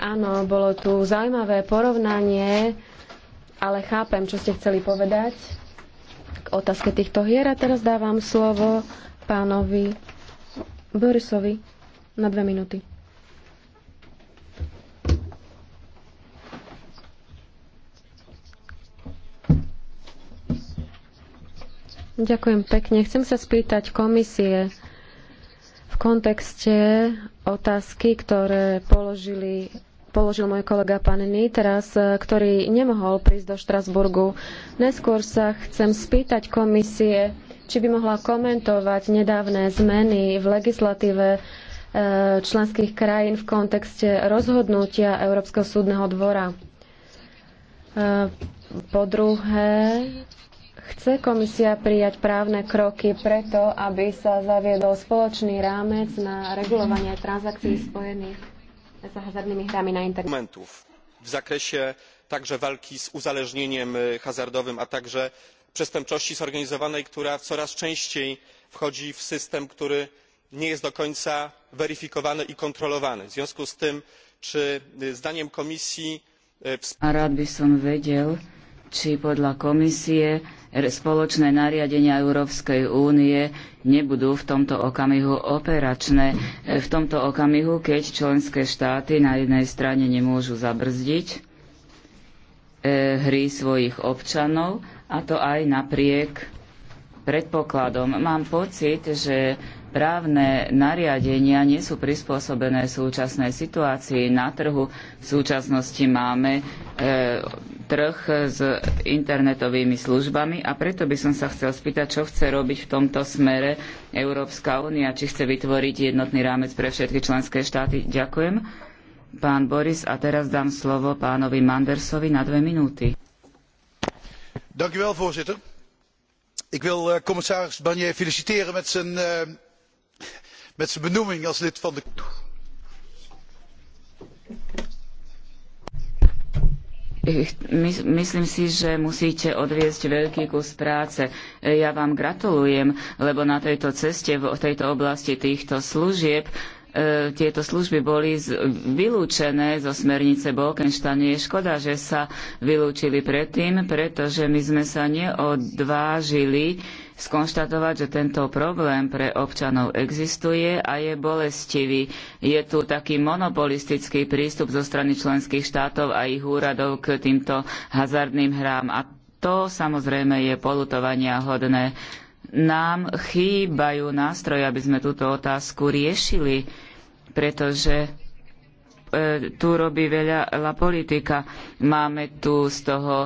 Áno, bolo tu zaujímavé porovnanie, ale chápem, čo ste chceli povedať k otázke týchto hier. A teraz dávam slovo pánovi Borisovi na dve minúty. Ďakujem pekne. Chcem sa spýtať komisie v kontekste otázky, ktoré položili položil môj kolega pán Nitras, ktorý nemohol prísť do Štrasburgu. Neskôr sa chcem spýtať komisie, či by mohla komentovať nedávne zmeny v legislatíve e, členských krajín v kontexte rozhodnutia Európskeho súdneho dvora. E, po druhé, Chce komisia prijať právne kroky preto, aby sa zaviedol spoločný rámec na regulovanie transakcií spojených s hazardnými hrami na
internecie.
W zakresie także walki z uzależnieniem hazardowym, a także
przestępczości zorganizowanej, która coraz częściej wchodzi w system, który nie jest do końca weryfikowany i kontrolowany. W związku z tym, czy zdaniem komisji... E,
a rád by som vedel, či podľa komisie er, spoločné nariadenia Európskej únie nebudú v tomto okamihu operačné. E, v tomto okamihu, keď členské štáty na jednej strane nemôžu zabrzdiť e, hry svojich občanov, a to aj napriek predpokladom. Mám pocit, že právne nariadenia nie sú prispôsobené súčasnej situácii na trhu. V súčasnosti máme e, trh s internetovými službami a preto by som sa chcel spýtať, čo chce robiť v tomto smere Európska únia, či chce vytvoriť jednotný rámec pre všetky členské štáty. Ďakujem. Pán Boris, a teraz dám slovo pánovi Mandersovi na dve minúty.
Dank u wel, voorzitter. Ik wil uh, commissaris Barnier feliciteren met zijn, uh, met zijn benoeming als lid van de...
Myslím si, že musíte odviesť veľký kus práce. Ja vám gratulujem, lebo na tejto ceste, v tejto oblasti týchto služieb, e, tieto služby boli vylúčené zo smernice Bolkenstein. Je škoda, že sa vylúčili predtým, pretože my sme sa neodvážili skonštatovať, že tento problém pre občanov existuje a je bolestivý. Je tu taký monopolistický prístup zo strany členských štátov a ich úradov k týmto hazardným hrám. A to samozrejme je polutovania hodné. Nám chýbajú nástroje, aby sme túto otázku riešili, pretože e, tu robí veľa politika. Máme tu z toho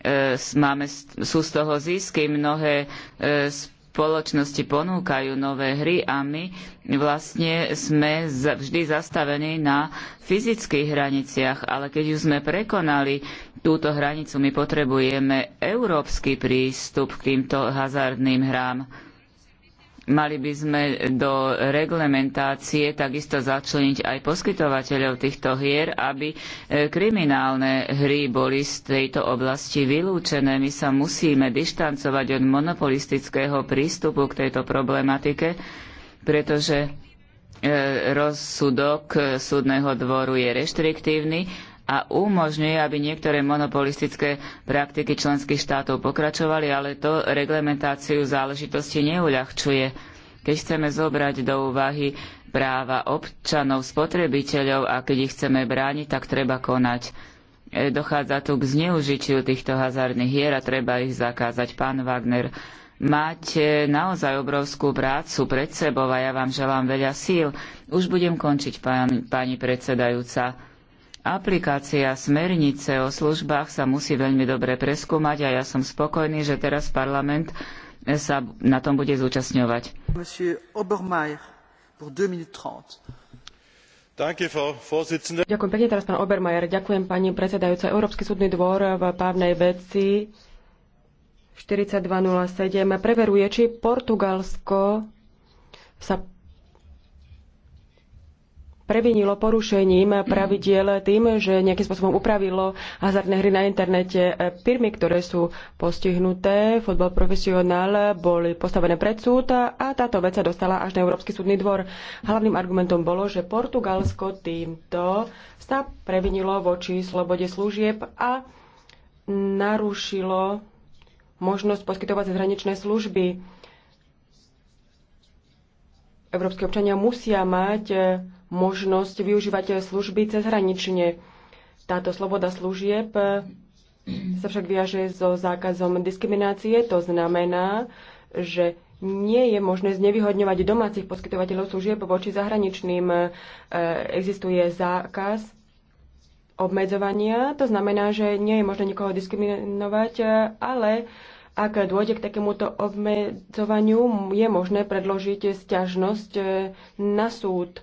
E, máme, sú z toho zisky, mnohé e, spoločnosti ponúkajú nové hry a my vlastne sme vždy zastavení na fyzických hraniciach, ale keď už sme prekonali túto hranicu, my potrebujeme európsky prístup k týmto hazardným hrám Mali by sme do reglementácie takisto začleniť aj poskytovateľov týchto hier, aby e, kriminálne hry boli z tejto oblasti vylúčené. My sa musíme dištancovať od monopolistického prístupu k tejto problematike, pretože e, rozsudok e, súdneho dvoru je reštriktívny a umožňuje, aby niektoré monopolistické praktiky členských štátov pokračovali, ale to reglementáciu záležitosti neuľahčuje. Keď chceme zobrať do úvahy práva občanov, spotrebiteľov a keď ich chceme brániť, tak treba konať. E, dochádza tu k zneužitiu týchto hazardných hier a treba ich zakázať. Pán Wagner, máte naozaj obrovskú prácu pred sebou a ja vám želám veľa síl. Už budem končiť, pán, pani predsedajúca Aplikácia smernice o službách sa musí veľmi dobre preskúmať a ja som spokojný, že teraz parlament sa na tom bude zúčastňovať. Ďakujem pekne teraz
pán Obermajer.
Ďakujem pani predsedajúca. Európsky súdny dvor v právnej veci 4207 preveruje, či Portugalsko sa previnilo porušením pravidiel tým, že nejakým spôsobom upravilo hazardné hry na internete. Firmy, ktoré sú postihnuté, Fotbal profesionál, boli postavené pred súd a táto vec sa dostala až na Európsky súdny dvor. Hlavným argumentom bolo, že Portugalsko týmto sa previnilo voči slobode služieb a narušilo možnosť poskytovať zahraničné služby. Európske občania musia mať možnosť využívať služby cezhranične. Táto sloboda služieb sa však viaže so zákazom diskriminácie. To znamená, že nie je možné znevýhodňovať domácich poskytovateľov služieb voči zahraničným. E, existuje zákaz obmedzovania, to znamená, že nie je možné nikoho diskriminovať, e, ale ak dôjde k takémuto obmedzovaniu, je možné predložiť sťažnosť e, na súd.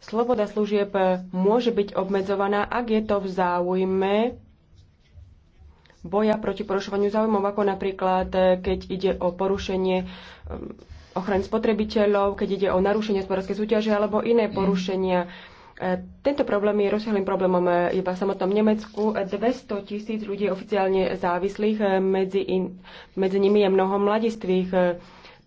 Sloboda služieb môže byť obmedzovaná, ak je to v záujme boja proti porušovaniu záujmov, ako napríklad, eh, keď ide o porušenie eh, ochrany spotrebiteľov, keď ide o narušenie hospodárskej súťaže alebo iné mm. porušenia. Eh, tento problém je rozsiahlým problémom iba v samotnom Nemecku. 200 tisíc ľudí je oficiálne závislých, medzi, in, medzi nimi je mnoho mladistvých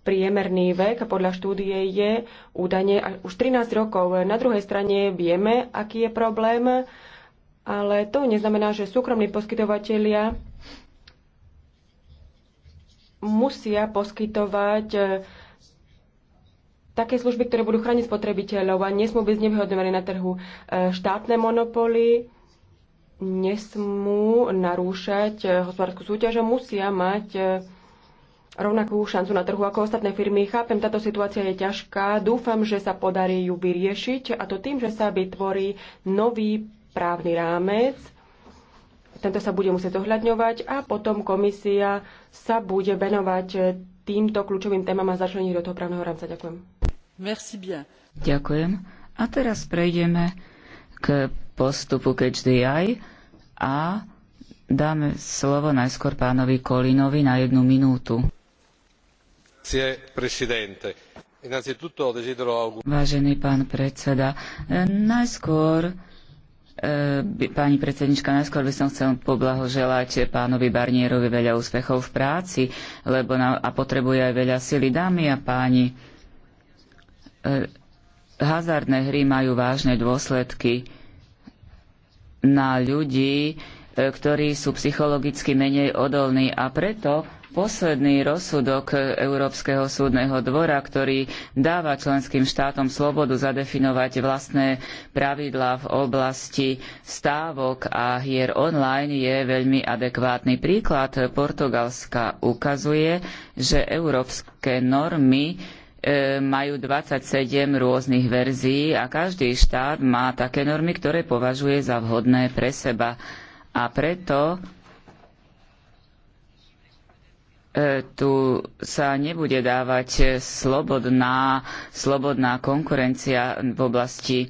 Priemerný vek podľa štúdie je údajne už 13 rokov. Na druhej strane vieme, aký je problém, ale to neznamená, že súkromní poskytovateľia musia poskytovať e, také služby, ktoré budú chrániť spotrebiteľov a nesmú byť znevýhodnené na trhu. E, štátne monopoly, nesmú narúšať e, hospodárskú súťaž a musia mať rovnakú šancu na trhu ako ostatné firmy. Chápem, táto situácia je ťažká. Dúfam, že sa podarí ju vyriešiť a to tým, že sa vytvorí nový právny rámec. Tento sa bude musieť zohľadňovať a potom komisia sa bude venovať týmto kľúčovým témam a začlení do toho právneho rámca. Ďakujem.
Merci bien.
Ďakujem. A teraz prejdeme k postupu KHDI a dáme slovo najskôr pánovi Kolinovi na jednu minútu. Vážený pán predseda, e, najskôr e, Pani predsedníčka, najskôr by som chcel poblahoželať pánovi Barnierovi veľa úspechov v práci, lebo na, a potrebuje aj veľa sily. Dámy a páni, e, hazardné hry majú vážne dôsledky na ľudí, E, ktorí sú psychologicky menej odolní a preto posledný rozsudok Európskeho súdneho dvora, ktorý dáva členským štátom slobodu zadefinovať vlastné pravidlá v oblasti stávok a hier online, je veľmi adekvátny príklad. Portugalska ukazuje, že európske normy e, majú 27 rôznych verzií a každý štát má také normy, ktoré považuje za vhodné pre seba. A preto e, tu sa nebude dávať slobodná, slobodná konkurencia v oblasti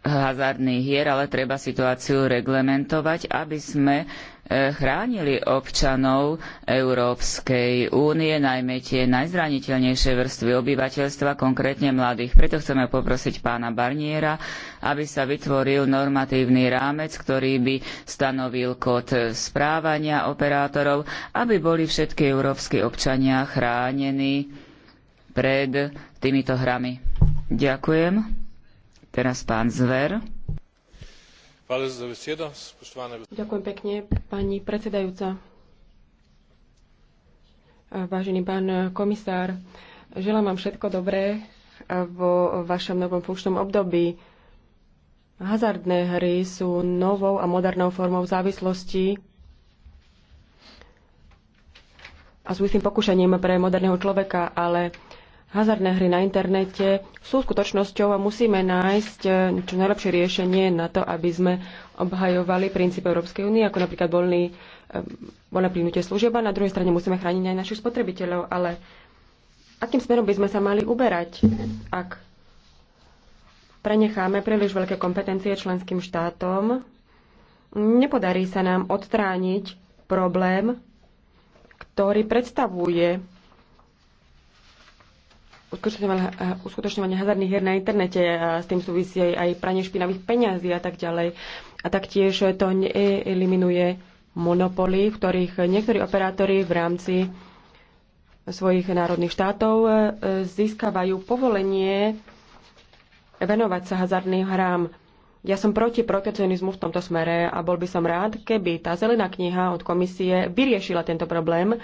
hazardných hier, ale treba situáciu reglementovať, aby sme E, chránili občanov Európskej únie, najmä tie najzraniteľnejšie vrstvy obyvateľstva, konkrétne mladých. Preto chceme poprosiť pána Barniera, aby sa vytvoril normatívny rámec, ktorý by stanovil kód správania operátorov, aby boli všetky európski občania chránení pred týmito hrami. Ďakujem. Teraz pán Zver.
Ďakujem
pekne, pani predsedajúca. Vážený pán komisár, želám vám všetko dobré vo vašom novom funkčnom období. Hazardné hry sú novou a modernou formou závislosti a sú istým pokušením pre moderného človeka, ale hazardné hry na internete sú skutočnosťou a musíme nájsť eh, čo najlepšie riešenie na to, aby sme obhajovali princíp Európskej únie, ako napríklad voľný, eh, voľné plynutie služieb a na druhej strane musíme chrániť aj našich spotrebiteľov. Ale akým smerom by sme sa mali uberať, ak prenecháme príliš veľké kompetencie členským štátom, nepodarí sa nám odstrániť problém, ktorý predstavuje uskutočňovanie eh, hazardných hier na internete a eh, s tým súvisí aj pranie špinavých peňazí a tak ďalej. A taktiež to neeliminuje monopoly, v ktorých niektorí operátori v rámci svojich národných štátov eh, získavajú povolenie venovať sa hazardným hrám. Ja som proti protekcionizmu v tomto smere a bol by som rád, keby tá zelená kniha od komisie vyriešila tento problém,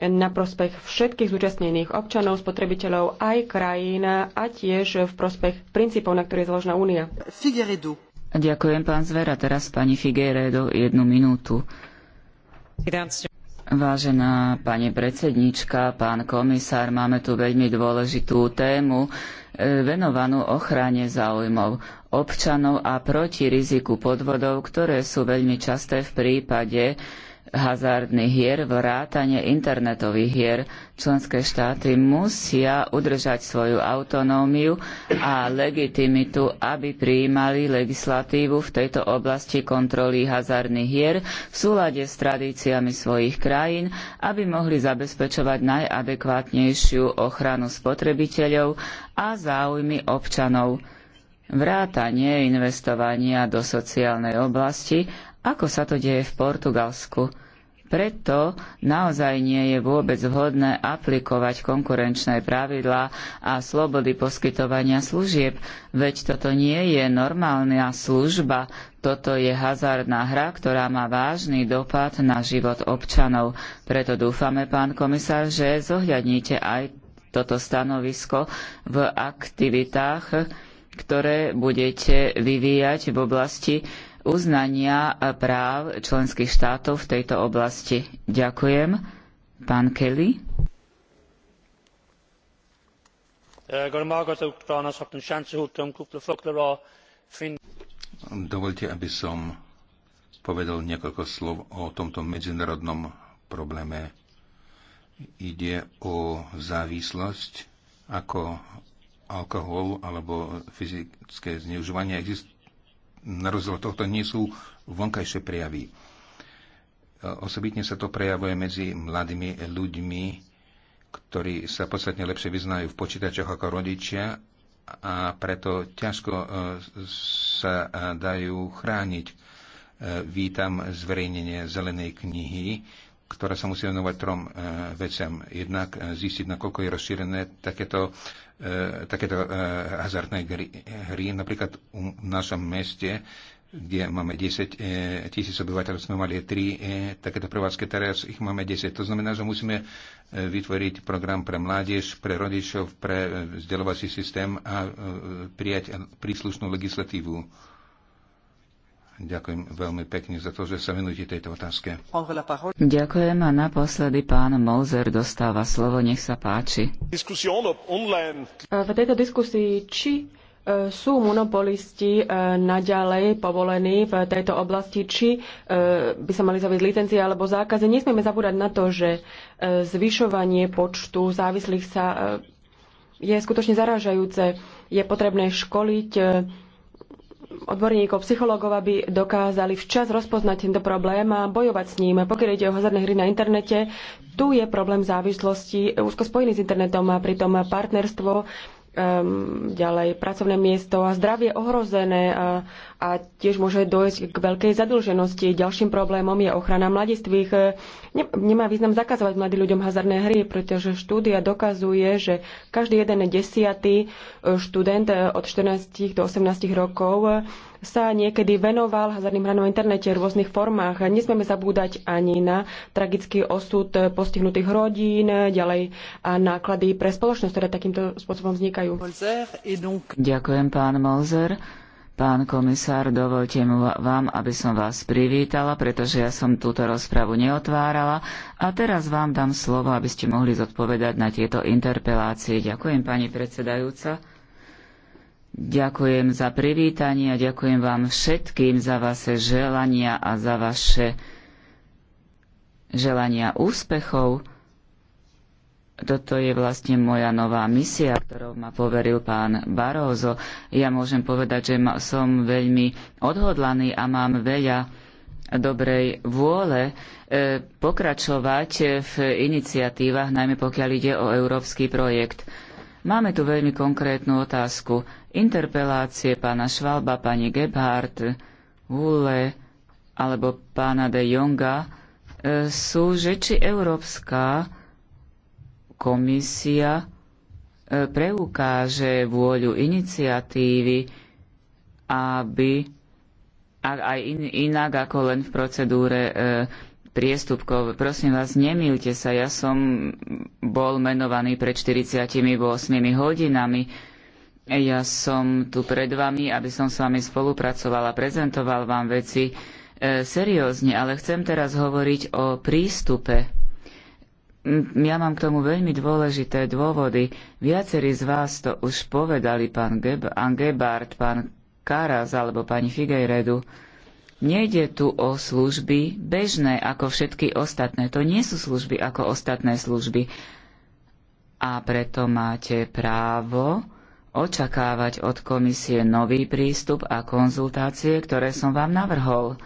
na prospech všetkých zúčastnených občanov, spotrebiteľov aj krajín a tiež v prospech princípov, na ktorých je zložená únia. Figueredo.
Ďakujem, pán Zvera. Teraz pani Figueredo, jednu minútu. Vážená pani predsednička, pán komisár, máme tu veľmi dôležitú tému e, venovanú ochrane záujmov občanov a proti riziku podvodov, ktoré sú veľmi časté v prípade hazardných hier, vrátane internetových hier. Členské štáty musia udržať svoju autonómiu a legitimitu, aby prijímali legislatívu v tejto oblasti kontroly hazardných hier v súlade s tradíciami svojich krajín, aby mohli zabezpečovať najadekvátnejšiu ochranu spotrebiteľov a záujmy občanov. Vrátanie investovania do sociálnej oblasti, ako sa to deje v Portugalsku. Preto naozaj nie je vôbec vhodné aplikovať konkurenčné pravidlá a slobody poskytovania služieb, veď toto nie je normálna služba, toto je hazardná hra, ktorá má vážny dopad na život občanov. Preto dúfame, pán komisár, že zohľadníte aj toto stanovisko v aktivitách, ktoré budete vyvíjať v oblasti uznania eh, práv členských štátov v tejto oblasti. Ďakujem. Pán Kelly.
Dovolte, aby som povedal niekoľko slov o tomto medzinárodnom probléme. Ide o závislosť ako alkohol alebo fyzické zneužívanie. Existuje na rozdiel tohto nie sú vonkajšie prejavy. E, osobitne sa to prejavuje medzi mladými ľuďmi, ktorí sa podstatne lepšie vyznajú v počítačoch ako rodičia a preto ťažko e, sa e, dajú chrániť. Vítam zverejnenie zelenej knihy, ktorá sa musí venovať trom veciam. Jednak zistiť, nakoľko je rozšírené takéto E, takéto e, hazardné hry. Napríklad v našom meste, kde máme 10 e, tisíc obyvateľov, sme mali 3 takéto prevádzky, teraz ich máme 10. To znamená, že musíme vytvoriť program pre mládež, pre rodičov, pre vzdelávací systém a prijať príslušnú legislatívu Ďakujem veľmi pekne za to, že sa venujete tejto otázke.
Ďakujem a naposledy pán Mozer dostáva slovo, nech sa páči.
V tejto diskusii, či e, sú monopolisti e, naďalej povolení v tejto oblasti, či e, by sa mali zaviesť licencie alebo zákazy. Nesmieme zabúdať na to, že zvyšovanie počtu závislých sa je skutočne zaražajúce. Je potrebné školiť odborníkov, psychológov, aby dokázali včas rozpoznať tento problém a bojovať s ním. Pokiaľ ide o hazardné hry na internete, tu je problém závislosti úzko spojený s internetom a pritom partnerstvo um, ďalej pracovné miesto a zdravie ohrozené a, a tiež môže dojsť k veľkej zadlženosti. Ďalším problémom je ochrana mladistvých. Ne, nemá význam zakazovať mladým ľuďom hazardné hry, pretože štúdia dokazuje, že každý jeden desiatý eh, študent eh, od 14 do 18 rokov sa niekedy venoval hazardným hram na internete v rôznych formách. Nesmieme zabúdať ani na tragický osud postihnutých rodín, ďalej a náklady pre spoločnosť, ktoré takýmto spôsobom vznikajú.
Ďakujem, pán Molzer. Pán komisár, dovolte mu vám, aby som vás privítala, pretože ja som túto rozpravu neotvárala. A teraz vám dám slovo, aby ste mohli zodpovedať na tieto interpelácie. Ďakujem, pani predsedajúca. Ďakujem za privítanie a ďakujem vám všetkým za vaše želania a za vaše želania úspechov. Toto je vlastne moja nová misia, ktorou ma poveril pán Barózo. Ja môžem povedať, že som veľmi odhodlaný a mám veľa dobrej vôle e, pokračovať v iniciatívach, najmä pokiaľ ide o európsky projekt. Máme tu veľmi konkrétnu otázku interpelácie pána Švalba, pani Gebhardt, Hule alebo pána de Jonga e, sú, že či Európska komisia e, preukáže vôľu iniciatívy, aby aj in, inak ako len v procedúre e, priestupkov. Prosím vás, nemýlte sa, ja som bol menovaný pred 48 hodinami ja som tu pred vami, aby som s vami a prezentoval vám veci e, seriózne, ale chcem teraz hovoriť o prístupe. Ja mám k tomu veľmi dôležité dôvody. Viacerí z vás to už povedali, pán Geb- Gebhardt, pán Karas alebo pani Figejredu. Nejde tu o služby bežné ako všetky ostatné. To nie sú služby ako ostatné služby. A preto máte právo očakávať od komisie nový prístup a konzultácie, ktoré som vám navrhol.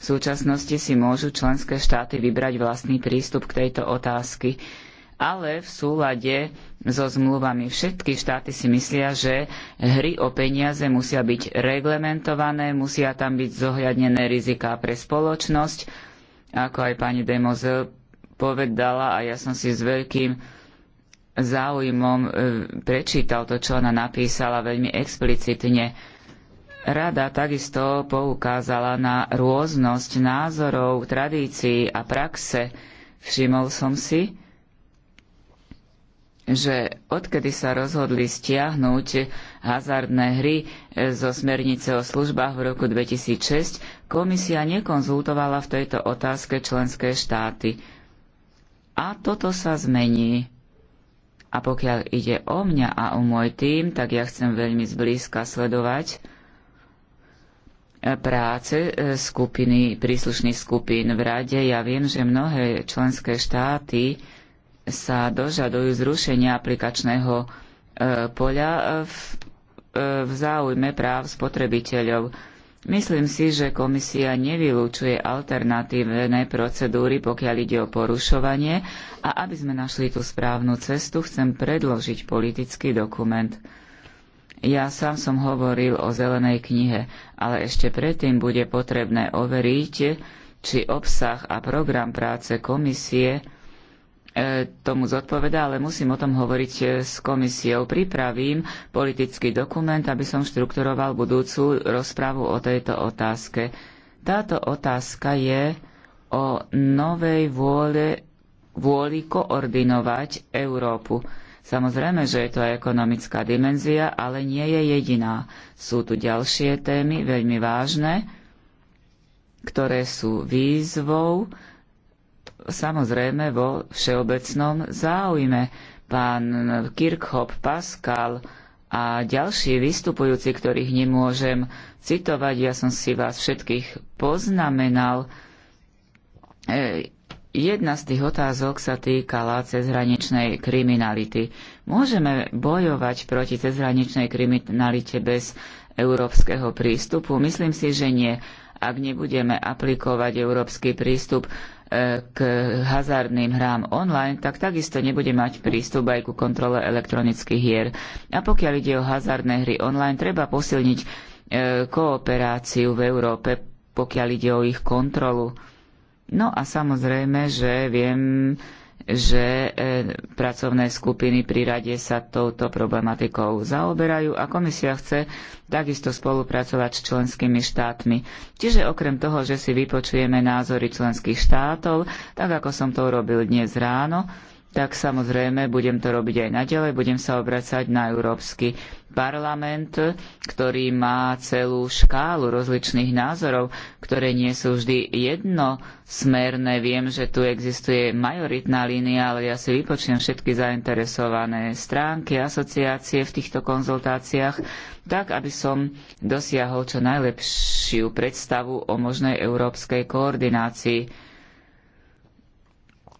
V súčasnosti si môžu členské štáty vybrať vlastný prístup k tejto otázky, ale v súlade so zmluvami všetky štáty si myslia, že hry o peniaze musia byť reglementované, musia tam byť zohľadnené riziká pre spoločnosť, ako aj pani Demozel povedala a ja som si s veľkým záujmom e, prečítal to, čo ona napísala veľmi explicitne. Rada takisto poukázala na rôznosť názorov, tradícií a praxe. Všimol som si, že odkedy sa rozhodli stiahnuť hazardné hry e, zo smernice o službách v roku 2006, komisia nekonzultovala v tejto otázke členské štáty. A toto sa zmení. A pokiaľ ide o mňa a o môj tým, tak ja chcem veľmi zblízka sledovať e, práce e, skupiny, príslušných skupín v Rade. Ja viem, že mnohé členské štáty sa dožadujú zrušenia aplikačného e, poľa v, v záujme práv spotrebiteľov. Myslím si, že komisia nevylúčuje alternatívne procedúry, pokiaľ ide o porušovanie a aby sme našli tú správnu cestu, chcem predložiť politický dokument. Ja sám som hovoril o zelenej knihe, ale ešte predtým bude potrebné overiť, či obsah a program práce komisie E, tomu zodpovedá, ale musím o tom hovoriť e, s komisiou. Pripravím politický dokument, aby som štrukturoval budúcu rozprávu o tejto otázke. Táto otázka je o novej vôle, vôli koordinovať Európu. Samozrejme, že je to aj ekonomická dimenzia, ale nie je jediná. Sú tu ďalšie témy, veľmi vážne, ktoré sú výzvou, samozrejme vo všeobecnom záujme. Pán Kirchhoff, Pascal a ďalší vystupujúci, ktorých nemôžem citovať, ja som si vás všetkých poznamenal. E, jedna z tých otázok sa týkala cezhraničnej kriminality. Môžeme bojovať proti cezhraničnej kriminalite bez európskeho prístupu? Myslím si, že nie. Ak nebudeme aplikovať európsky prístup k hazardným hrám online, tak takisto nebude mať prístup aj ku kontrole elektronických hier. A pokiaľ ide o hazardné hry online, treba posilniť e, kooperáciu v Európe, pokiaľ ide o ich kontrolu. No a samozrejme, že viem, že e, pracovné skupiny pri rade sa touto problematikou zaoberajú a komisia chce takisto spolupracovať s členskými štátmi. Čiže okrem toho, že si vypočujeme názory členských štátov, tak ako som to urobil dnes ráno, tak samozrejme budem to robiť aj naďalej, budem sa obracať na Európsky parlament, ktorý má celú škálu rozličných názorov, ktoré nie sú vždy jednosmerné. Viem, že tu existuje majoritná línia, ale ja si vypočnem všetky zainteresované stránky, asociácie v týchto konzultáciách, tak aby som dosiahol čo najlepšiu predstavu o možnej európskej koordinácii.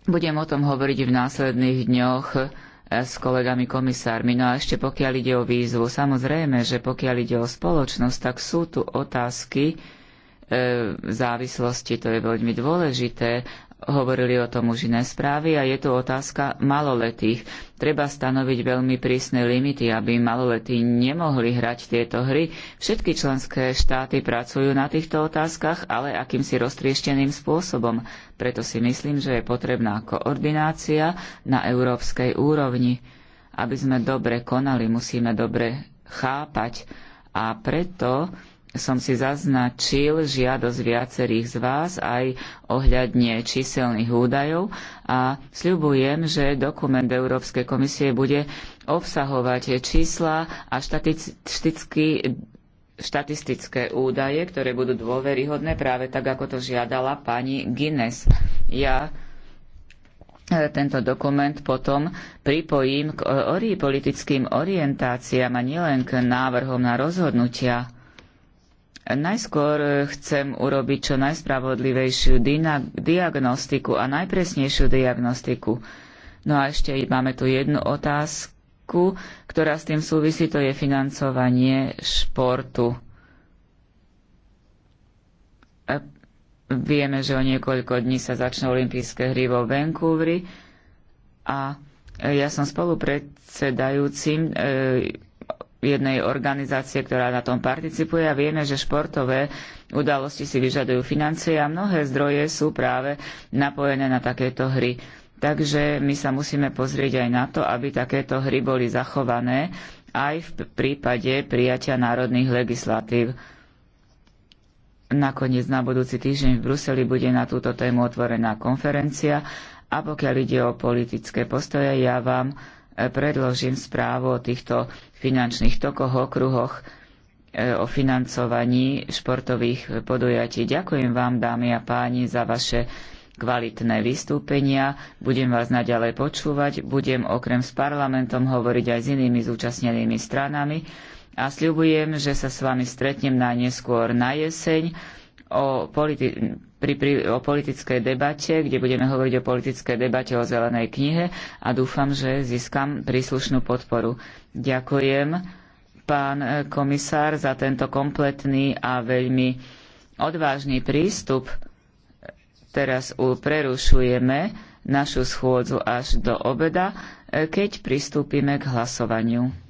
Budem o tom hovoriť v následných dňoch s kolegami komisármi. No a ešte pokiaľ ide o výzvu, samozrejme, že pokiaľ ide o spoločnosť, tak sú tu otázky e, závislosti, to je veľmi dôležité Hovorili o tom už iné správy a je tu otázka maloletých. Treba stanoviť veľmi prísne limity, aby maloletí nemohli hrať tieto hry. Všetky členské štáty pracujú na týchto otázkach, ale akýmsi roztriešteným spôsobom. Preto si myslím, že je potrebná koordinácia na európskej úrovni. Aby sme dobre konali, musíme dobre chápať. A preto som si zaznačil žiadosť viacerých z vás aj ohľadne číselných údajov a sľubujem, že dokument Európskej komisie bude obsahovať čísla a štatisticky štatistické údaje, ktoré budú dôveryhodné, práve tak, ako to žiadala pani Guinness. Ja e, tento dokument potom pripojím k ori politickým orientáciám a nielen k návrhom na rozhodnutia. Najskôr e, chcem urobiť čo najspravodlivejšiu diagnostiku a najpresnejšiu diagnostiku. No a ešte máme tu jednu otázku, ktorá s tým súvisí, to je financovanie športu. E, vieme, že o niekoľko dní sa začnú olympijské hry vo Vancouveri a ja som spolupredsedajúcim e, jednej organizácie, ktorá na tom participuje a vieme, že športové udalosti si vyžadujú financie a mnohé zdroje sú práve napojené na takéto hry. Takže my sa musíme pozrieť aj na to, aby takéto hry boli zachované aj v prípade prijatia národných legislatív. Nakoniec na budúci týždeň v Bruseli bude na túto tému otvorená konferencia a pokiaľ ide o politické postoje, ja vám predložím správu o týchto finančných tokoch, okruhoch, e, o financovaní športových podujatí. Ďakujem vám, dámy a páni, za vaše kvalitné vystúpenia. Budem vás naďalej počúvať. Budem okrem s parlamentom hovoriť aj s inými zúčastnenými stranami. A sľubujem, že sa s vami stretnem na neskôr na jeseň o, politi- pri, pri, o politickej debate, kde budeme hovoriť o politickej debate o zelenej knihe a dúfam, že získam príslušnú podporu. Ďakujem, pán eh, komisár, za tento kompletný a veľmi odvážny prístup. Teraz prerušujeme našu schôdzu až do obeda, eh, keď pristúpime k hlasovaniu.